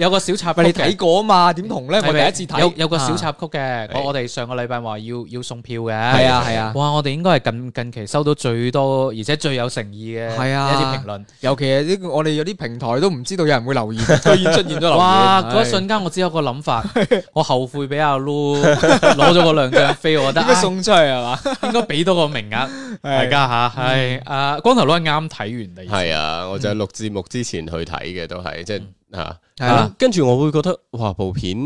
有個小插，俾你睇過啊嘛？點同咧？我第一次睇。有有個小插曲嘅。我哋上個禮拜話要要送票嘅。係啊係啊！哇！我哋應該係近近期收到最多，而且最有誠意嘅一啲評論。尤其係呢個，我哋有啲平台都唔知道有人，會留意突然出現咗，哇！嗰一瞬間我只有個諗法，我後悔俾阿 l u 攞咗個兩張飛，我覺得應該送出去係嘛，應該俾多個名額大家吓。係阿光頭佬係啱睇完嚟？係啊，我就係錄字幕之前去睇嘅，都係即係吓，係啦，跟住我會覺得哇部片。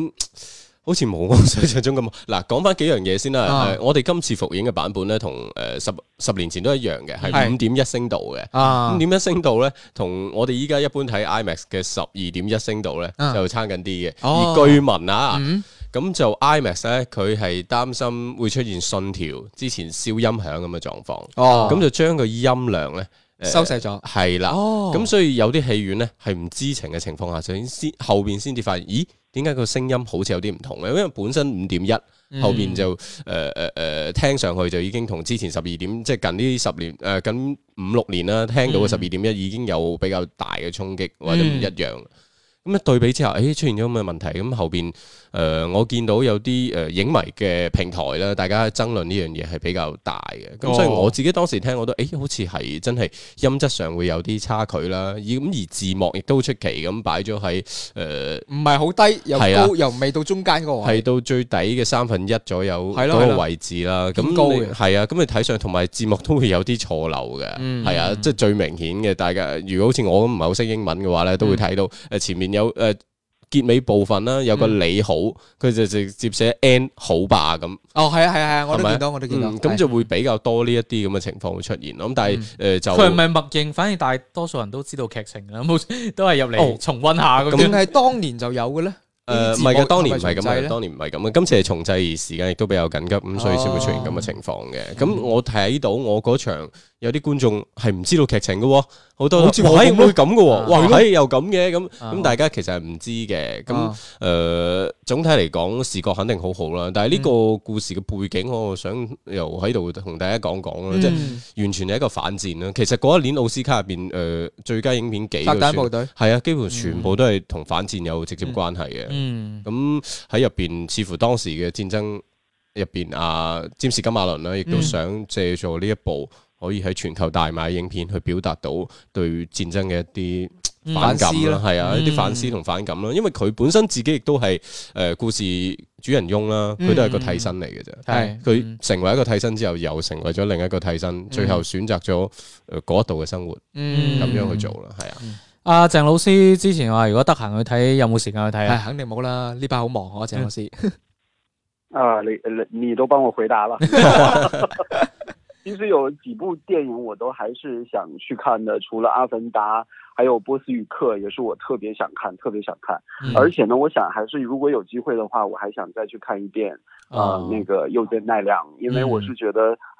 好似冇我想象中咁嗱，講翻 幾樣嘢先啦，我哋今次復映嘅版本呢，同誒、呃、十十年前都一樣嘅，係五點一聲道嘅。五點一聲道呢，同我哋依家一般睇 IMAX 嘅十二點一聲道呢，啊、就差緊啲嘅。而據聞啊，咁、啊嗯、就 IMAX 呢，佢係擔心會出現信條之前燒音響咁嘅狀況。哦、啊，咁就將個音量呢。收細咗，係啦、呃，咁、哦、所以有啲戲院呢，係唔知情嘅情況下，首先後邊先至發現，咦？點解個聲音好似有啲唔同咧？因為本身五點一後邊就誒誒誒，聽上去就已經同之前十二點，即係近呢十年誒、呃，近五六年啦，聽到嘅十二點一已經有比較大嘅衝擊或者唔一樣，咁、嗯、一對比之下，誒，出現咗咁嘅問題，咁後邊。誒，我見到有啲誒影迷嘅平台咧，大家爭論呢樣嘢係比較大嘅。咁所以我自己當時聽，我都誒好似係真係音質上會有啲差距啦。咁而字幕亦都出奇咁擺咗喺誒，唔係好低又高，又未到中間嗰個，係到最底嘅三分一左右嗰個位置啦。咁高嘅係啊，咁你睇上同埋字幕都會有啲錯漏嘅，係啊，即係最明顯嘅。大家如果好似我咁唔係好識英文嘅話咧，都會睇到誒前面有誒。結尾部分啦，有個你好，佢、嗯、就直接寫 n 好吧咁。哦，係啊，係啊，係啊，我都見到，吧到，我都見到。咁、嗯嗯、就會比較多呢一啲咁嘅情況會出現咯。咁但係誒就佢唔係默認，反而大多數人都知道劇情啦。 都係入嚟重温下咁樣。咁係、哦、那當年就有嘅咧。 誒，唔係噶，當年唔係咁啊，當年唔係咁啊，今次係重製，而時間亦都比較緊急，咁所以先會出現咁嘅情況嘅。咁我睇到，我嗰場有啲觀眾係唔知道劇情噶，好多，好似唔會咁噶？哇，係又咁嘅，咁咁大家其實係唔知嘅。咁誒，總體嚟講，視覺肯定好好啦。但係呢個故事嘅背景，我想又喺度同大家講講啦，即係完全係一個反戰啦。其實嗰一年奧斯卡入邊，誒，最佳影片幾？特戰部隊係啊，幾乎全部都係同反戰有直接關係嘅。嗯，咁喺入邊，似乎當時嘅戰爭入邊啊，佔士金馬倫咧、啊，亦都想借助呢一部可以喺全球大賣影片，去表達到對戰爭嘅一啲反感、嗯、反思啦，係啊，一啲反思同反感啦。因為佢本身自己亦都係誒，故事主人翁啦，佢都係個替身嚟嘅啫。係佢、嗯、成為一個替身之後，又成為咗另一個替身，嗯、最後選擇咗誒嗰度嘅生活，咁、嗯、樣去做啦，係啊。阿鄭、啊、老師之前話，如果得閒去睇，有冇時間去睇、啊？係、哎、肯定冇啦，呢排好忙嗬、啊，鄭老師。啊，你你你都幫我回答啦。 其實有幾部電影我都還是想去看的，除了《阿凡達》，還有《波斯語課》，也是我特別想看、特別想看。嗯、而且呢，我想還是如果有機會的話，我還想再去看一遍。啊、嗯嗯，那個《又見奈良》，因為我是覺得。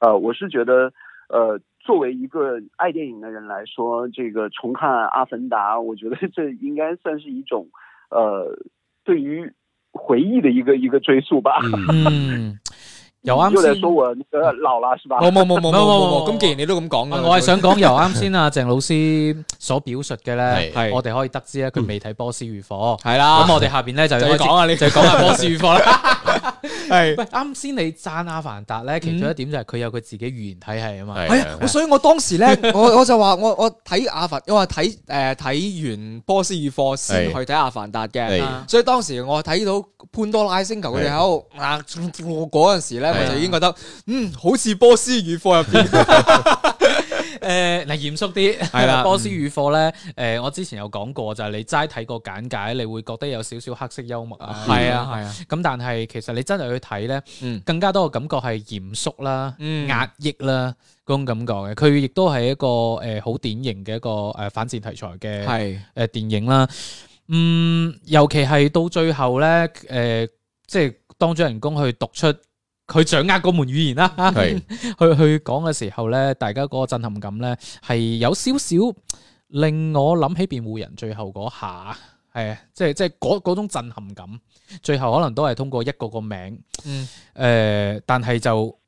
呃，我是覺得，呃，作為一個愛電影的人來說，這個重看《阿凡達》，我覺得這應該算是一種，呃，對於回憶的一個一個追溯吧。嗯，又在說我，呃，老了，是吧？冇冇冇冇冇冇。咁既然你都咁講，我我係想講由啱先啊，鄭老師所表述嘅咧，係我哋可以得知咧，佢未睇《波斯語課》係啦。咁我哋下邊咧就講啊，你就講下《波斯語課》啦。係，唔啱先你讚阿凡達咧，其中一點就係佢有佢自己語言體系啊嘛，係，所以我當時咧，我我就話我我睇阿凡，我係睇誒睇完波斯語課先去睇阿凡達嘅，的所以當時我睇到潘多拉星球佢哋喺度嗱，我嗰陣時咧的我就已經覺得，嗯，好似波斯語課入邊。的 誒，嚟嚴肅啲係啦，《嗯、波斯語課》咧，誒，我之前有講過，就係你齋睇個簡介，你會覺得有少少黑色幽默啊。係啊的，係啊。咁但係其實你真係去睇咧，嗯、更加多嘅感覺係嚴肅啦、壓抑啦嗰種感覺嘅。佢亦都係一個誒好、呃、典型嘅一個誒反戰題材嘅誒電影啦。的嗯，尤其係到最後咧，誒、呃，即、就、係、是、當主人公去讀出。佢掌握嗰門語言啦是，去去講嘅時候咧，大家嗰個震撼感咧係有少少令我諗起辯護人最後嗰下，係啊，即係即係嗰嗰種震撼感，最後可能都係通過一個個名，誒、嗯呃，但係就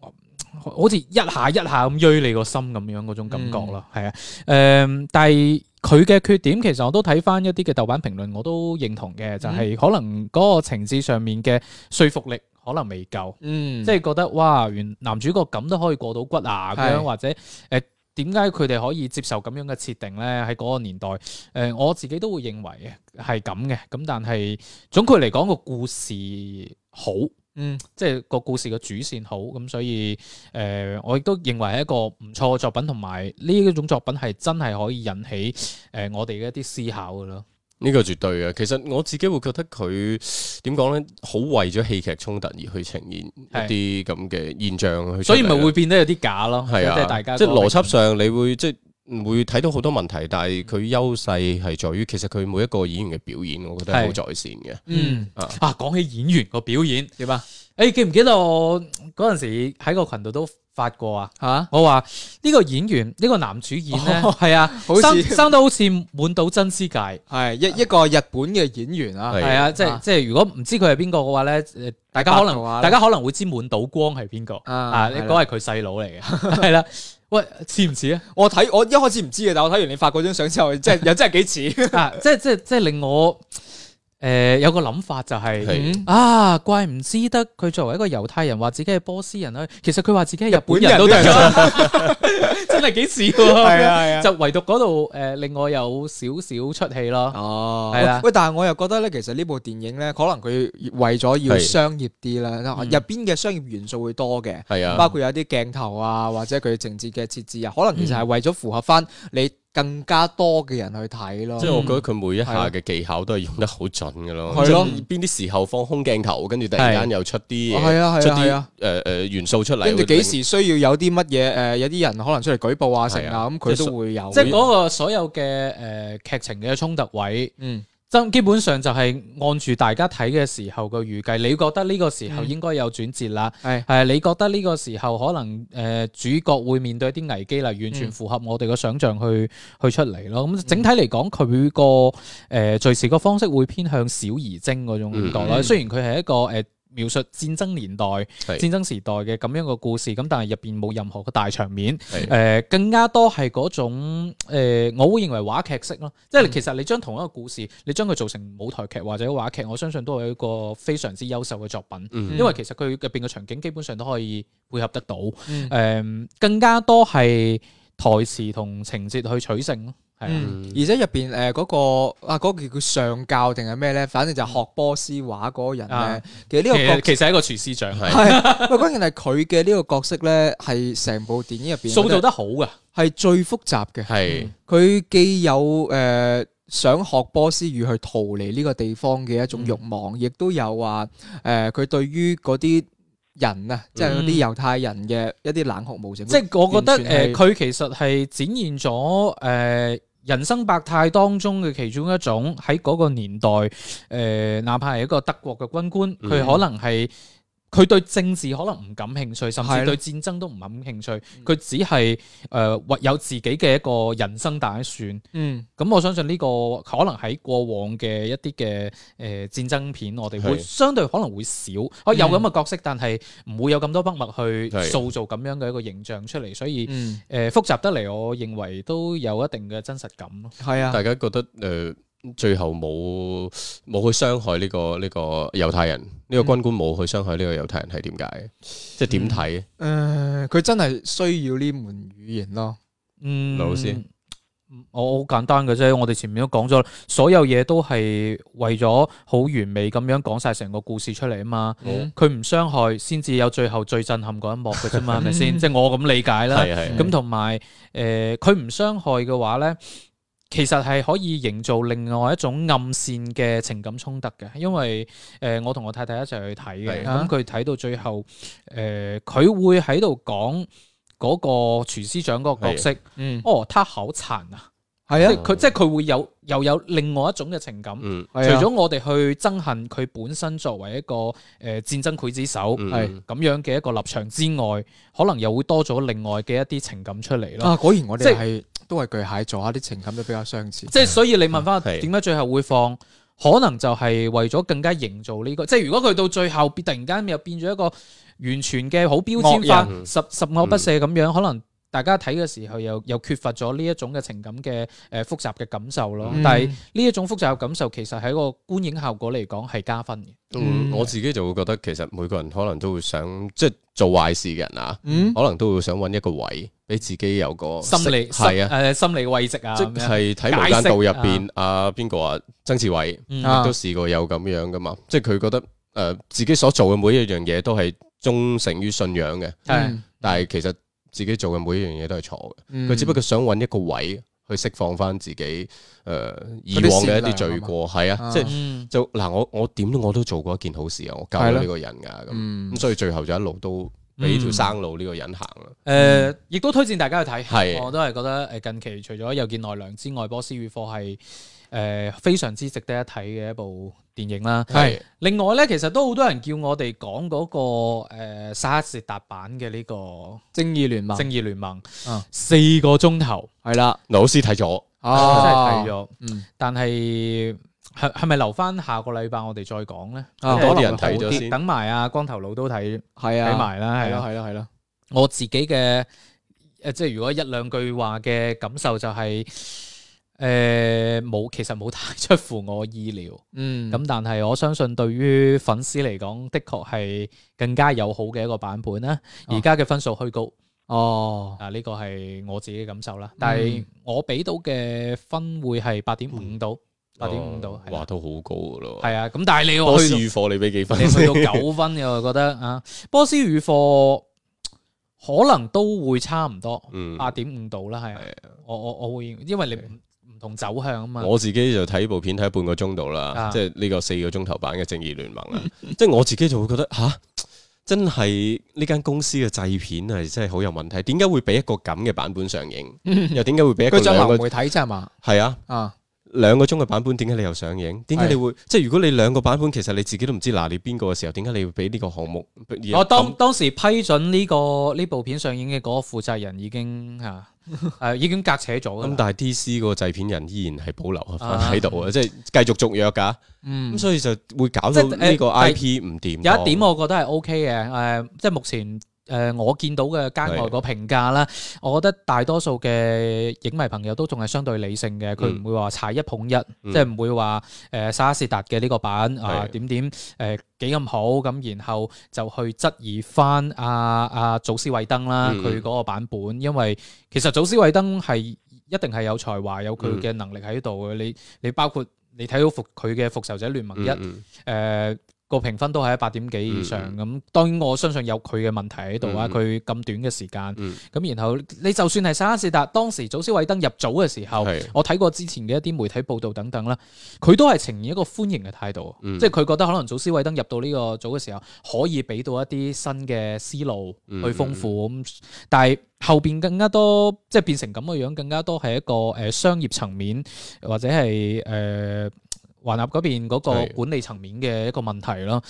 好似一下一下咁錐你個心咁樣嗰種感覺咯，係啊、嗯，誒、呃，但係佢嘅缺點，其實我都睇返一啲嘅豆瓣評論，我都認同嘅，就係、是、可能嗰個情節上面嘅說服力。可能未夠，嗯，即係覺得哇，原來男主角咁都可以過到骨啊，咁樣是或者誒，點解佢哋可以接受咁樣嘅設定咧？喺嗰個年代，誒、呃，我自己都會認為係咁嘅。咁但係總括嚟講，個故事好，嗯，即係個故事嘅主線好。咁所以誒、呃，我亦都認為係一個唔錯嘅作品，同埋呢一種作品係真係可以引起誒、呃、我哋嘅一啲思考嘅咯。呢個絕對啊，其實我自己會覺得佢，點講咧，好為咗戲劇衝突而去呈現一啲咁嘅現象去，所以咪會變得有啲假咯。係啊的，即係大家即係邏輯上你會、嗯、即係唔會睇到好多問題，但係佢優勢係在於其實佢每一個演員嘅表演，我覺得好在線嘅。的嗯啊，講起演員個表演點啊？你記唔記得我嗰陣時喺個群度都發過啊？吓，我話呢個演員呢、呢個男主演咧，係、哦、啊，生生得好似滿島真之介，係一一個日本嘅演員啊。係啊，即係即係，如果唔知佢係邊個嘅話咧，誒，大家可能大家可能會知滿島光係邊個啊？你講係佢細佬嚟嘅，係啦。喂、啊，似唔似咧？是是我睇我一開始唔知嘅，但我睇完你發嗰張相之後，即係又真係幾似啊！即係即係即係令我。誒、呃，有個諗法就係、是的嗯，啊，怪唔之得佢作為一個猶太人話自己係波斯人啦，其實佢話自己係日本人都得， 真係幾似，係啊，就唯獨嗰度誒，令我有少少出戲咯。哦，係啦的，喂，但係我又覺得咧，其實呢部電影咧，可能佢為咗要商業啲啦，入邊嘅商業元素會多嘅，係啊的，包括有啲鏡頭啊，或者佢情節嘅設置啊，可能其實係為咗符合翻你。更加多嘅人去睇咯，即係、嗯、我覺得佢每一下嘅技巧都係用得好準㗎咯，邊啲、啊、時候放空鏡頭，跟住突然間又出啲，係啊係啊，啲啊，誒誒、啊、元素出嚟，跟住幾時需要有啲乜嘢，誒有啲人可能出嚟舉報啊成啊，咁佢、啊、都會有，即係嗰個所有嘅誒劇情嘅衝突位，嗯。基本上就係按住大家睇嘅時候嘅預計，你覺得呢個時候應該有轉折啦？係、嗯啊，你覺得呢個時候可能誒、呃、主角會面對一啲危機啦，完全符合我哋嘅想象去去出嚟咯。咁、嗯嗯、整體嚟講，佢個誒敘事個方式會偏向小而精嗰種感覺啦。嗯、雖然佢係一個誒。呃描述戰爭年代、是戰爭時代嘅咁樣個故事，咁但係入邊冇任何嘅大場面，誒是、呃，更加多係嗰種誒、呃，我會認為話劇式咯，嗯、即係其實你將同一個故事，你將佢做成舞台劇或者話劇，我相信都係一個非常之優秀嘅作品，嗯、因為其實佢入邊嘅場景基本上都可以配合得到，誒、呃，更加多係台詞同情節去取勝咯。係，而且入邊誒、嗰個啊，嗰叫上教定係咩咧？反正就學波斯話嗰個人咧，其實呢個角色其實係一個廚師長係。咪關鍵係佢嘅呢個角色咧，係成部電影入邊塑造得好噶，係最複雜嘅。係佢既有誒想學波斯語去逃離呢個地方嘅一種慾望，亦都有話誒佢對於嗰啲人啊，即係啲猶太人嘅一啲冷酷無情。即係我覺得誒，佢其實係展現咗誒。人生百態當中嘅其中一種，喺嗰個年代，誒、呃，哪怕係一個德國嘅軍官，佢可能係。佢對政治可能唔感興趣，甚至對戰爭都唔感興趣。佢只係誒、呃、有自己嘅一個人生打算。嗯，咁我相信呢個可能喺過往嘅一啲嘅誒戰爭片，我哋會相對可能會少。我的有咁嘅角色，但係唔會有咁多筆墨去塑造咁樣嘅一個形象出嚟。所以誒、嗯呃，複雜得嚟，我認為都有一定嘅真實感咯。係啊的，大家覺得誒。呃最後冇冇去傷害呢、這個呢、這個猶太人，呢、這個軍官冇去傷害呢個猶太人係點解？嗯、即係點睇？誒、嗯，佢、呃、真係需要呢門語言咯。嗯，老，老師，我好簡單嘅啫。我哋前面都講咗，所有嘢都係為咗好完美咁樣講晒成個故事出嚟啊嘛。佢唔傷害，先至有最後最震撼嗰一幕嘅啫嘛，係咪先？即、就、係、是、我咁理解啦。咁同埋誒，佢唔傷害嘅話呢。其實係可以營造另外一種暗線嘅情感衝突嘅，因為誒、呃、我同我太太一齊去睇嘅，咁佢睇到最後誒，佢、嗯、會喺度講嗰個廚師長嗰個角色，啊、嗯，哦，他好殘啊，係啊，佢即係佢會有又有，有另外一種嘅情感，嗯啊、除咗我哋去憎恨佢本身作為一個誒、呃、戰爭劊子手係咁樣嘅一個立場之外，可能又會多咗另外嘅一啲情感出嚟咯。啊，果然我哋即係。都係巨蟹座下啲情感都比較相似，即係所以你問翻點解最後會放，的可能就係為咗更加營造呢、這個，即係如果佢到最後突然間又變咗一個完全嘅好標籤化、十十惡不赦咁樣的可能。大家睇嘅時候又又缺乏咗呢一種嘅情感嘅誒複雜嘅感受咯，但係呢一種複雜嘅感受其實喺個觀影效果嚟講係加分嘅。嗯，我自己就會覺得其實每個人可能都會想，即係做壞事嘅人啊，可能都會想揾一個位俾自己有個心理係啊，誒心理位置啊。即係睇無間道入邊啊，邊個啊？曾志偉亦都試過有咁樣噶嘛？即係佢覺得誒自己所做嘅每一樣嘢都係忠誠於信仰嘅，但係其實。自己做嘅每一樣嘢都係錯嘅，佢、嗯、只不過想揾一個位去釋放翻自己，誒、呃、以往嘅一啲、嗯、罪過，係、嗯、啊，即係就嗱，我我點都我都做過一件好事啊，我教咗呢個人噶，咁咁、嗯、所以最後就一路都俾條生路呢個人行啦。誒、嗯，亦、嗯呃、都推薦大家去睇，是我都係覺得誒近期除咗又見奈良之外，外波斯語課係。誒、呃，非常之值得一睇嘅一部電影啦。係，另外咧，其實都好多人叫我哋講嗰、那個誒、呃、沙士達版嘅呢、這個正義聯盟。正義聯盟，四個鐘頭係啦。老師睇咗，真係睇咗。嗯，但係係係咪留翻下個禮拜我哋再講咧？多啲人睇咗先，等埋阿光頭佬都睇，睇埋啦，係咯係咯係咯。我自己嘅誒，即係如果一兩句話嘅感受就係。誒，冇，其實冇太出乎我意料，嗯，咁但係我相信對於粉絲嚟講，的確係更加友好嘅一個版本啦。而家嘅分數虛高，哦，啊，呢個係我自己嘅感受啦。但係我俾到嘅分會係八點五度，八點五度。哇，都好高噶咯。係啊，咁但係你我波斯語課你俾幾分你去到九分，我又覺得啊，波斯語課可能都會差唔多，八點五度啦。係，我我我會，因為你。同走向啊嘛！我自己就睇部片睇半個鐘度啦，啊、即係呢個四個鐘頭版嘅《正義聯盟》啊，嗯、即係我自己就會覺得吓，真係呢間公司嘅製片係真係好有問題，點解會俾一個咁嘅版本上映？嗯、又點解會俾一個張流媒體啫？係嘛？係是啊啊！啊兩個鐘嘅版本，點解你又上映？點解你會是的 即係？如果你兩個版本，其實你自己都唔知嗱，你邊個嘅時候？點解你會俾呢個項目？我當、嗯、當時批准呢、這個呢部片上映嘅嗰個負責人已經吓誒、 啊、已經隔扯咗啦。咁但係 D C 個製片人依然係保留喺度啊，即係繼續續約噶。嗯，咁所以就會搞到呢個 I P 唔掂。有一點我覺得係 O K 嘅，誒、呃，即係目前。誒、呃，我見到嘅街外個評價啦，的我覺得大多數嘅影迷朋友都仲係相對理性嘅，佢唔、嗯、會話踩一捧一，嗯、即係唔會話誒、呃、沙士達嘅呢個版的啊點點誒幾咁好咁，然後就去質疑返阿阿祖斯維登啦佢嗰、嗯、個版本，因為其實祖斯維登係一定係有才華有佢嘅能力喺度嘅，你、嗯、你包括你睇到佢嘅復仇者聯盟一誒。嗯嗯個評分都係喺八點幾以上，咁，嗯、當然我相信有佢嘅問題喺度啊！佢咁、嗯、短嘅時間，咁、嗯、然後你就算係沙士達，當時祖斯韋登入組嘅時候，是我睇過之前嘅一啲媒體報道等等啦，佢都係呈現一個歡迎嘅態度，即係佢覺得可能祖斯韋登入到呢個組嘅時候，可以俾到一啲新嘅思路去豐富咁。嗯嗯、但係後邊更加多，即係變成咁嘅樣，更加多係一個誒、呃、商業層面或者係誒。呃華納嗰邊嗰個管理層面嘅一個問題咯。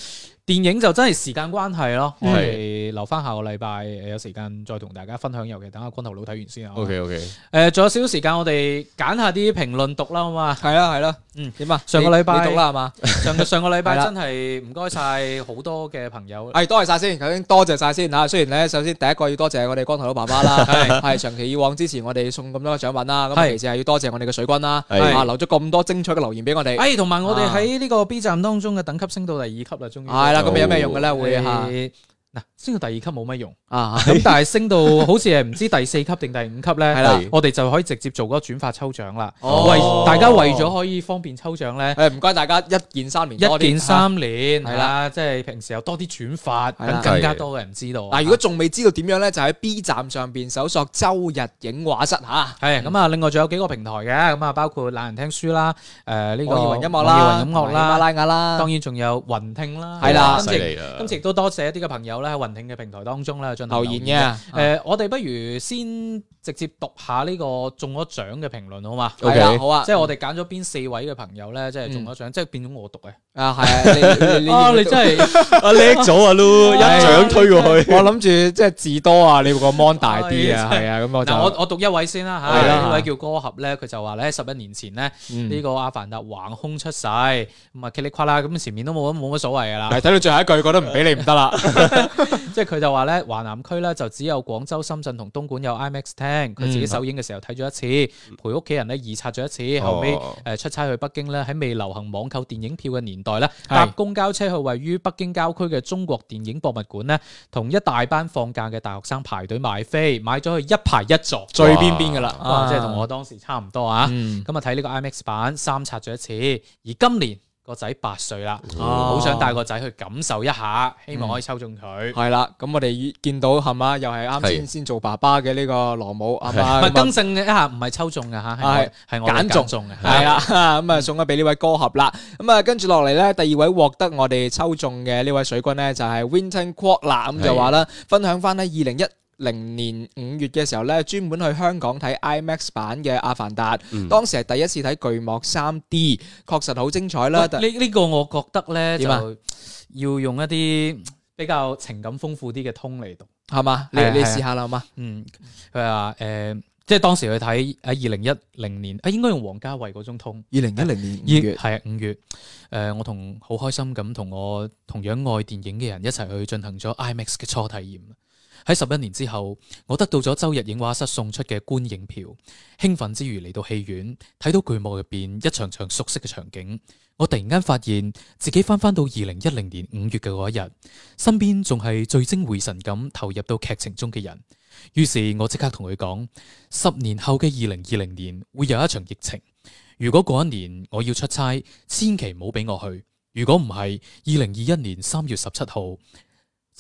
電影就真係時間關係咯，我哋留翻下個禮拜，有時間再同大家分享，尤其等阿光頭佬睇完先 OK OK，誒仲有少少時間，我哋揀下啲評論讀啦，好嘛？係啊係啦，嗯點啊？上個禮拜你讀啦係嘛？上上個禮拜真係唔該晒好多嘅朋友，誒多謝晒先，頭先多謝晒先吓。雖然咧，首先第一個要多謝我哋光頭佬爸爸啦，係長期以往支持我哋送咁多嘅獎品啦，咁其次係要多謝我哋嘅水軍啦，係啊，留咗咁多精彩嘅留言俾我哋，誒同埋我哋喺呢個 B 站當中嘅等級升到第二級啦，終於。係啦，咁有咩用嘅咧？會吓。嗱。升到第二級冇乜用啊，咁但係升到好似係唔知第四級定第五級咧，係啦，我哋就可以直接做嗰個轉發抽獎啦。為大家為咗可以方便抽獎咧，誒唔該大家一鍵三連一鍵三連係啦，即係平時有多啲轉發，等更加多嘅人知道。嗱，如果仲未知道點樣咧，就喺 B 站上邊搜索周日映畫室吓。係咁啊，另外仲有幾個平台嘅，咁啊包括懶人聽書啦，誒呢個，雲音樂啦，音喜馬拉雅啦，當然仲有雲聽啦。係啦，今次都多謝一啲嘅朋友咧嘅平台當中咧進行留言嘅，誒，我哋不如先直接讀下呢個中咗獎嘅評論好嘛？係啦 Okay.、啊，好啊，嗯、即係我哋揀咗邊四位嘅朋友咧，即係中咗獎，嗯、即係變咗我讀嘅。啊係啊！哦，你真係阿叻咗啊！一掌推過去，我諗住即係字多啊，你個 mon 大啲啊，係啊咁我我讀一位先啦吓，呢位叫歌合咧，佢就話咧，十一年前呢，呢個阿凡達橫空出世，咁啊茄哩垮啦，咁前面都冇冇乜所謂噶啦，睇到最後一句，覺得唔俾你唔得啦。即係佢就話咧，華南區咧就只有廣州、深圳同東莞有 IMAX 廳，佢自己首映嘅時候睇咗一次，陪屋企人咧二刷咗一次，後尾誒出差去北京咧，喺未流行網購電影票嘅年。代咧搭公交車去位於北京郊區嘅中國電影博物館咧，同一大班放假嘅大學生排隊買飛，買咗去一排一座最邊邊噶啦，哇，即係同我當時差唔多啊！咁啊睇呢個 IMAX 版三刷咗一次，而今年。個仔八歲啦，好想帶個仔去感受一下，希望可以抽中佢。係啦，咁我哋見到係嘛，又係啱先先做爸爸嘅呢個羅姆，啊，咪？係更勝一下，唔係抽中嘅吓，係係我揀中嘅，係啦，咁啊送咗俾呢位歌俠啦。咁啊，跟住落嚟咧，第二位獲得我哋抽中嘅呢位水軍咧，就係 Winter Quad 啦。咁就話啦，分享翻呢二零一。零年五月嘅時候咧，專門去香港睇 IMAX 版嘅《阿凡達》，嗯，當時係第一次睇巨幕 3D 確實好精彩啦！呢呢、呢個我覺得咧，樣要用一啲比較情感豐富啲嘅通嚟讀，係嘛嗎？你你試下啦嘛？啊、好嗎嗯，佢話誒，即係當時去睇喺二零一零年啊，應該用王家衛嗰種通、嗯。二零一零年五月係啊，五月誒、呃，我同好開心咁同我同樣愛電影嘅人一齊去進行咗 IMAX 嘅初體驗。喺十一年之後，我得到咗周日影畫室送出嘅觀影票，興奮之餘嚟到戲院，睇到巨幕入邊一場一場熟悉嘅場景，我突然間發現自己翻返到二零一零年五月嘅嗰一日，身邊仲係聚精會神咁投入到劇情中嘅人。於是我，我即刻同佢講：十年後嘅二零二零年會有一場疫情，如果嗰一年我要出差，千祈唔好俾我去。如果唔係，二零二一年三月十七號。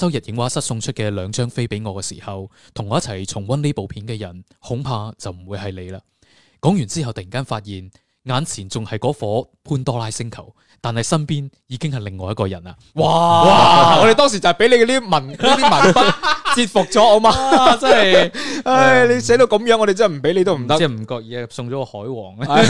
周日影畫室送出嘅兩張飛俾我嘅時候，同我一齊重溫呢部片嘅人，恐怕就唔會係你啦。講完之後，突然間發現眼前仲係嗰顆潘多拉星球，但係身邊已經係另外一個人啦。哇，哇，哇我哋當時就係俾你嗰啲文，呢啲文筆。折服咗啊嘛！真係，唉，你寫到咁樣，我哋真係唔俾你都唔得。即係唔覺意送咗個海王。係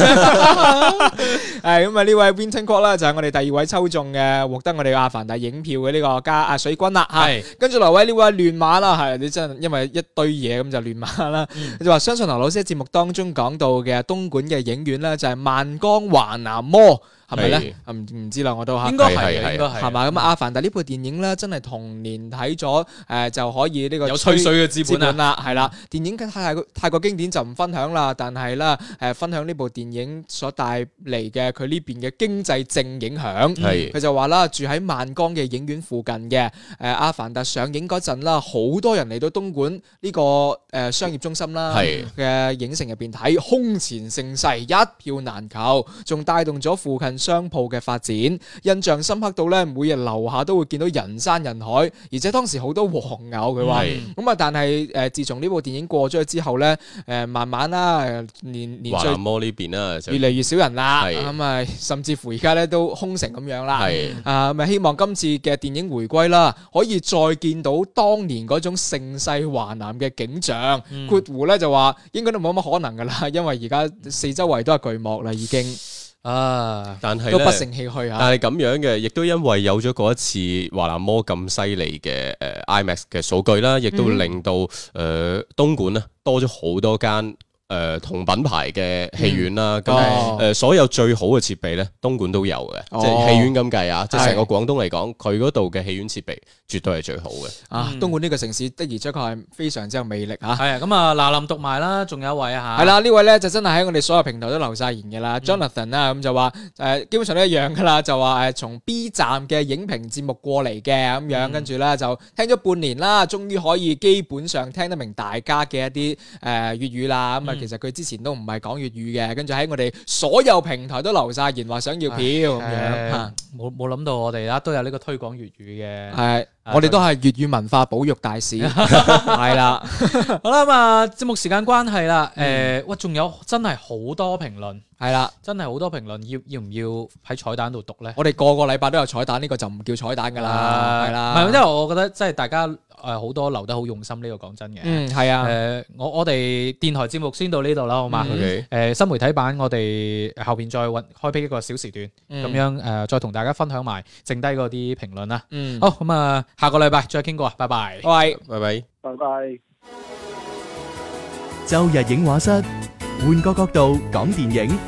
咁啊！呢位 Winning God 咧，就係我哋第二位抽中嘅，獲得我哋阿凡達影票嘅呢個加阿水軍啦。係，跟住來位呢位亂馬啦。係，你真係因為一堆嘢咁就亂馬啦。佢就話相信劉老師節目當中講到嘅東莞嘅影院咧，就係萬江環南摩。係咪咧？唔唔的、啊、知啦，我都嚇。應該係，係咪咁阿凡達呢部電影咧，真係童年睇咗，誒、呃、就可以呢、這個有吹水嘅資本啦、啊。係、嗯、啦、嗯，電影太太過經典就唔分享啦。但係咧，誒、呃、分享呢部電影所帶嚟嘅佢呢邊嘅經濟正影響。係佢、嗯嗯、就話啦，住喺萬江嘅影院附近嘅誒阿凡達上映嗰陣啦，好多人嚟到東莞呢、這個誒、呃、商業中心啦嘅、嗯、影城入邊睇，空前盛世，一票難求，仲帶動咗附近商鋪嘅發展，印象深刻到咧，每日樓下都會見到人山人海，而且當時好多黃牛。佢話咁啊，但係誒、呃，自從呢部電影過咗之後咧，誒、呃，慢慢啦、啊，年年歲魔呢邊啦，就越嚟越少人啦，咁的啊，甚至乎而家咧都空城咁樣啦。的啊，咪希望今次嘅電影回歸啦，可以再見到當年嗰種盛世華南嘅景象。括弧咧就話，應該都冇乜可能噶啦，因為而家四周圍都係巨幕啦，已經。啊！但係都不成器吓。但係咁樣嘅，亦都因為有咗嗰一次華南摩咁犀利嘅誒 IMAX 嘅數據啦，亦都令到誒、嗯呃、東莞咧多咗好多間。誒同品牌嘅戲院啦，咁誒所有最好嘅設備咧，東莞都有嘅，即係戲院咁計啊！即係成個廣東嚟講，佢嗰度嘅戲院設備絕對係最好嘅。啊，東莞呢個城市的而且確係非常之有魅力嚇。係啊，咁啊嗱，林讀埋啦，仲有一位啊嚇。係啦，呢位咧就真係喺我哋所有平台都留晒言嘅啦，Jonathan 啦，咁就話誒，基本上都一樣㗎啦，就話誒從 B 站嘅影評節目過嚟嘅咁樣，跟住咧就聽咗半年啦，終於可以基本上聽得明大家嘅一啲誒粵語啦，咁啊～其實佢之前都唔係講粵語嘅，跟住喺我哋所有平台都留晒言話，想要票咁樣冇冇諗到我哋啦，都有呢個推廣粵語嘅。係，我哋都係粵語文化保育大使，係啦。好啦，咁啊節目時間關係啦，誒，我仲有真係好多評論，係啦，真係好多評論，要要唔要喺彩蛋度讀咧？我哋個個禮拜都有彩蛋，呢個就唔叫彩蛋噶啦，係啦，係，因為我覺得即係大家。誒，好多留得好用心，呢個講真嘅，係啊，誒，我我哋電台節目先到呢度啦，好嘛？誒，新媒體版我哋後邊再開闢一個小時段，咁樣誒，再同大家分享埋剩低嗰啲評論啦。嗯，好，咁啊，下個禮拜再傾過啊，拜拜，拜拜，拜拜，拜拜。周日映畫室，換個角度講電影，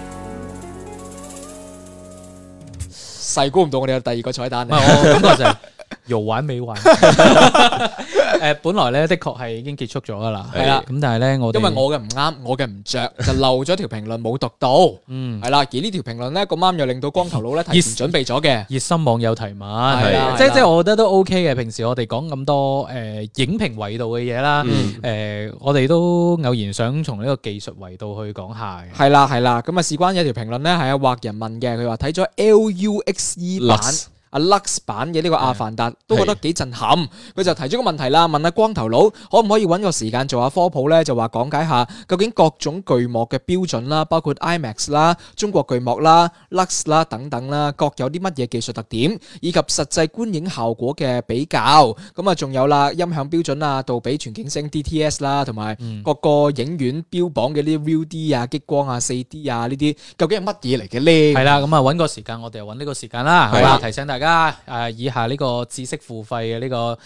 細估唔到我哋有第二個彩蛋。唔係，我今日就。又玩美玩？誒，本來咧的確係已經結束咗噶啦，係啦。咁但係咧我因為我嘅唔啱，我嘅唔着，就漏咗條評論冇讀到，嗯，係啦。而呢條評論咧咁啱又令到光頭佬咧提前準備咗嘅熱心網友提問，即係即係我覺得都 OK 嘅。平時我哋講咁多誒影評維度嘅嘢啦，誒我哋都偶然想從呢個技術維度去講下嘅。係啦係啦，咁啊事關有條評論咧係阿畫人問嘅，佢話睇咗 LUXE 版。阿 Lux 版嘅呢個《阿凡達》都覺得幾震撼，佢就提出個問題啦，問下光頭佬可唔可以揾個時間做下科普呢？就話講解下究竟各種巨幕嘅標準啦，包括 IMAX 啦、中國巨幕啦、Lux 啦等等啦，各有啲乜嘢技術特點，以及實際觀影效果嘅比較。咁啊，仲有啦，音響標準啊，杜比全景聲 DTS 啦，同埋各個影院標榜嘅呢啲 View D 啊、激光啊、四 D 啊呢啲，究竟係乜嘢嚟嘅呢？係啦，咁啊揾個時間，我哋就揾呢個時間啦，係啦，提醒大家。家誒，以下呢個知識付費嘅呢個，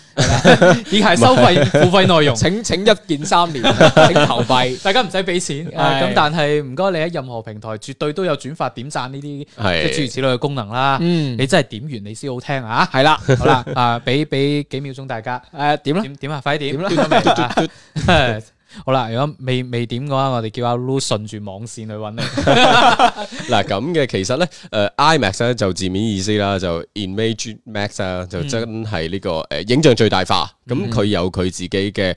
以下收費付費內容，請請一鍵三連請投幣，大家唔使俾錢。咁但係唔該你喺任何平台絕對都有轉發點讚呢啲，即係諸如此類嘅功能啦。你真係點完你先好聽啊？係啦，好啦，啊俾俾幾秒鐘大家誒點點點啊，快啲點啦！好啦，如果未未點嘅話，我哋叫阿 Lu 順住網線去揾咧。嗱咁嘅其實咧，誒、呃、Imax 咧就字面意思啦，就 Image Max 啊，就真係呢、這個誒、嗯呃、影像最大化。咁佢、嗯、哼有佢自己嘅誒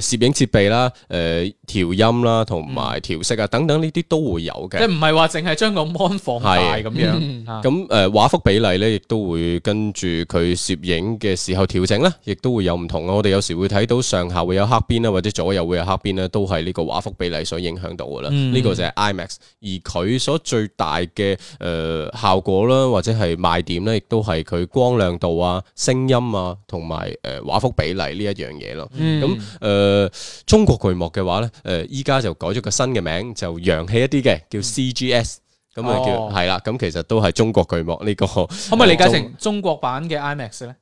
攝影設備啦，誒、呃、調音啦，同埋調色啊等等呢啲都會有嘅。即係唔係話淨係將個 mon 放大咁是樣，咁誒畫幅比例咧亦都會跟住佢攝影嘅時候調整啦，亦都會有唔同。啊，我哋有時會睇到上下會有黑邊啊或者左右會有黑。入邊咧都係呢個畫幅比例所影響到噶啦，呢、嗯、個就係 IMAX，而佢所最大嘅誒、呃、效果啦，或者係賣點咧，亦都係佢光亮度啊、聲音啊，同埋誒畫幅比例呢一樣嘢咯。咁誒、嗯呃，中國巨幕嘅話咧，誒依家就改咗個新嘅名，就洋氣一啲嘅叫 CGS，咁啊叫係啦。咁、哦、其實都係中國巨幕呢、這個，可唔可以理解成中國版嘅 IMAX 咧？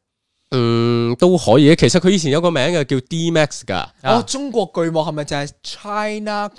嗯，都可以。其實佢以前有個名嘅叫 D Max 噶。哦，啊、中國巨幕係咪就係 China？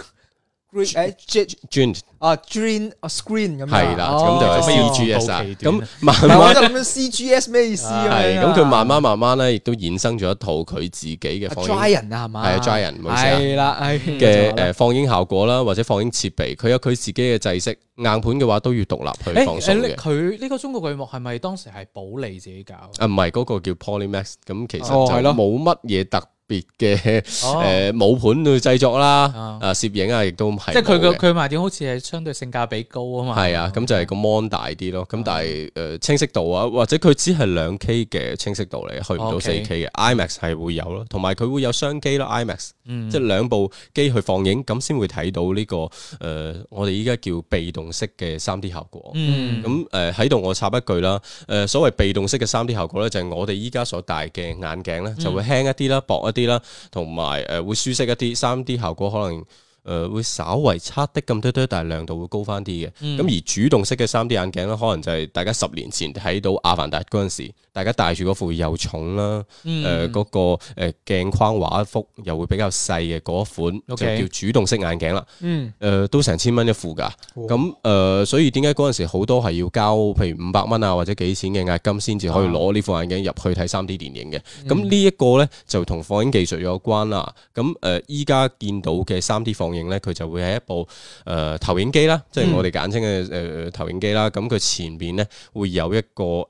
dream 啊，dream 啊，screen 咁樣係啦，咁就係 CGS 啊。咁慢慢就咁樣 CGS 咩意思啊？係咁佢慢慢慢慢咧，亦都衍生咗一套佢自己嘅放映人啊，係嘛？係啊，dry 人冇錯啊。係啦，嘅、誒，放映效果啦，或者放映設備，佢有佢自己嘅制式，硬盤嘅話都要獨立去放映。佢呢個中國巨幕係咪當時係保利自己搞？啊，唔係，嗰個叫 PolyMax，咁其實就冇乜嘢特。別嘅誒，母盤、呃、去製作啦，哦、啊，攝影啊，亦都係即係佢嘅佢賣點，好似係相對性價比高啊嘛。係啊，咁、嗯、就係個 mon 大啲咯。咁、嗯、但係誒、呃、清晰度啊，或者佢只係兩 K 嘅清晰度嚟，去唔到四 K 嘅。哦 okay. IMAX 係會有咯，同埋佢會有雙機咯。IMAX、嗯、即係兩部機去放映，咁先會睇到呢、這個誒、呃，我哋依家叫被動式嘅三 D 效果。嗯，咁誒喺度我插一句啦。誒、呃，所謂被動式嘅三 D 效果咧，就係我哋依家所戴嘅眼鏡咧，就會輕一啲啦，嗯、薄一啲。啲啦，同埋誒會舒適一啲，三 D 效果可能，誒、呃，會稍為差啲咁多多，但係亮度會高翻啲嘅。咁、嗯、而主動式嘅三 D 眼鏡咧，可能就係大家十年前睇到《阿凡達》嗰陣時，大家戴住嗰副又重啦，誒、嗯，嗰、呃那個誒鏡、呃、框畫幅又會比較細嘅嗰款，就叫主動式眼鏡啦。誒、嗯呃，都成千蚊一副噶。咁誒、哦嗯呃，所以點解嗰陣時好多係要交，譬如五百蚊啊，或者幾錢嘅押金先至可以攞呢副眼鏡入去睇三 D 電影嘅？咁、嗯、呢一個咧就同放映技術有關啦。咁、呃、誒，依家見到嘅三 D 放映影咧，佢就會係一部誒、呃、投影機啦，即係我哋簡稱嘅誒投影機啦。咁佢前面咧會有一個誒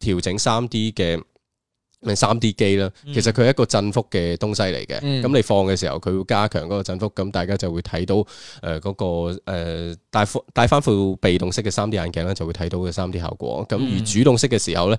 調、呃、整三 D 嘅三 D 機啦。嗯、其實佢係一個振幅嘅東西嚟嘅。咁、嗯、你放嘅時候，佢會加強嗰個振幅。咁大家就會睇到誒嗰、呃那個誒、呃、戴副戴翻副被動式嘅三 D 眼鏡咧，就會睇到嘅三 D 效果。咁、嗯、而主動式嘅時候咧。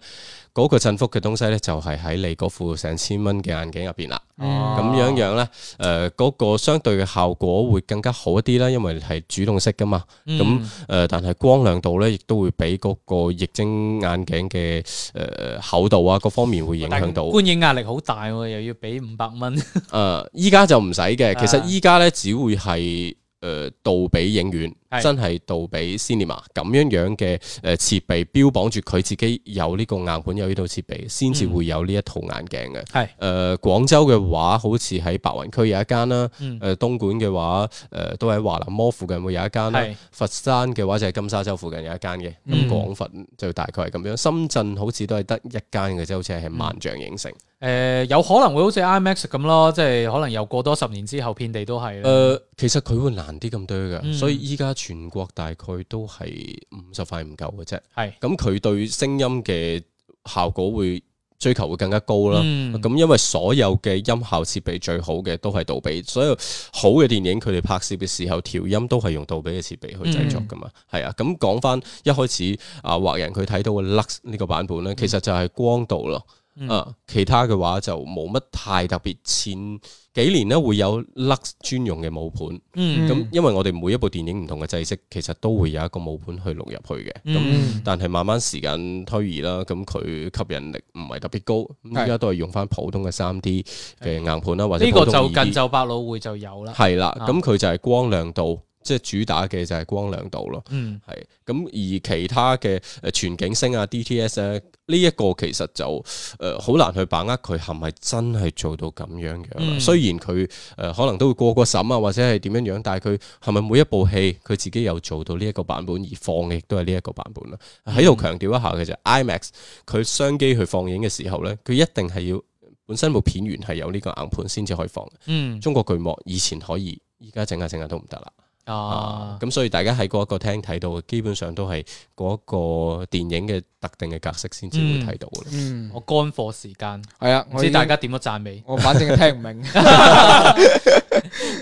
嗰個振幅嘅東西咧，就係、是、喺你嗰副成千蚊嘅眼鏡入邊啦。咁、嗯、樣樣咧，誒、呃、嗰、那個相對嘅效果會更加好一啲啦，因為係主動式噶嘛。咁誒、嗯呃，但係光亮度咧，亦都會俾嗰個液晶眼鏡嘅誒、呃、厚度啊各方面會影響到。觀影壓力好大啊，又要俾五百蚊。誒、 呃，依家就唔使嘅。其實依家咧，只會係誒倒俾影院。真係杜比 cinema 咁樣樣嘅誒設備，標榜住佢自己有呢個硬盤，有呢套設備，先至會有呢一套眼鏡嘅。係誒、嗯，廣、呃、州嘅話，好似喺白雲區有一間啦。嗯。誒，東莞嘅話，誒、呃、都喺華南摩附近會有一間。嗯、佛山嘅話就係金沙洲附近有一間嘅。嗯。廣佛就大概係咁樣。深圳好似都係得一間嘅啫，好似係萬象影城。誒、嗯呃，有可能會好似 IMAX 咁咯，即係可能又過多十年之後，遍地都係。誒、呃，其實佢會難啲咁多嘅，所以依家、嗯嗯。全國大概都係五十塊唔夠嘅啫，係咁佢對聲音嘅效果會追求會更加高啦。咁、嗯啊、因為所有嘅音效設備最好嘅都係杜比，所有好嘅電影佢哋拍攝嘅時候調音都係用杜比嘅設備去製作㗎嘛。係、嗯、啊，咁講返一開始啊華人佢睇到嘅 lux 呢個版本咧，其實就係光度咯。啊！其他嘅話就冇乜太特別，前幾年咧會有 lux 專用嘅母盤，咁、嗯、因為我哋每一部電影唔同嘅製式，其實都會有一個母盤去錄入去嘅，咁、嗯、但係慢慢時間推移啦，咁佢吸引力唔係特別高，咁而家都係用翻普通嘅三 D 嘅硬盤啦，的或者呢個就近就百老匯就有啦，係啦的，咁佢、啊、就係光亮度。即係主打嘅就係光亮度咯，係咁、嗯、而其他嘅誒全景聲啊 DTS 咧呢一個其實就誒好、呃、難去把握佢係咪真係做到咁樣樣。嗯、雖然佢誒、呃、可能都會過過審啊，或者係點樣樣，但係佢係咪每一部戲佢自己有做到呢一個版本而放嘅，亦都係呢一個版本啦。喺度、嗯、強調一下嘅就係、IMAX，佢雙機去放映嘅時候咧，佢一定係要本身部片源係有呢個硬盤先至可以放。嗯，中國巨幕以前可以，而家整下整下都唔得啦。啊！咁、啊、所以大家喺嗰一個廳睇到嘅基本上都係嗰個電影嘅特定嘅格式先至會睇到嘅、嗯。嗯，我乾貨時間係啊，唔知大家點樣讚美我，反正聽唔明。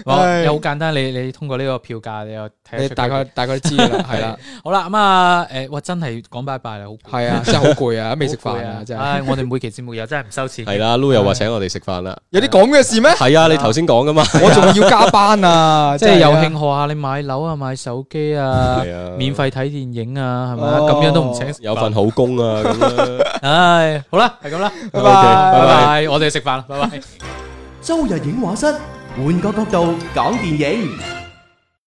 哇，又好簡單，你你通過呢個票價，你大概大概知啦，係啦，好啦，咁啊，誒，哇，真係講拜拜啦，好係啊，真係好攰啊，未食飯啊，真係，唉，我哋每期節目又真係唔收錢，係啦，Lulu 又話請我哋食飯啦，有啲講嘅事咩？係啊，你頭先講噶嘛，我仲要加班啊，即係有慶賀啊，你買樓啊，買手機啊，係啊，免費睇電影啊，係咪，咁樣都唔請，有份好工啊，唉，好啦，係咁啦，拜拜，拜拜，我哋食飯啦，拜拜，周日映畫室。換個角度講電影。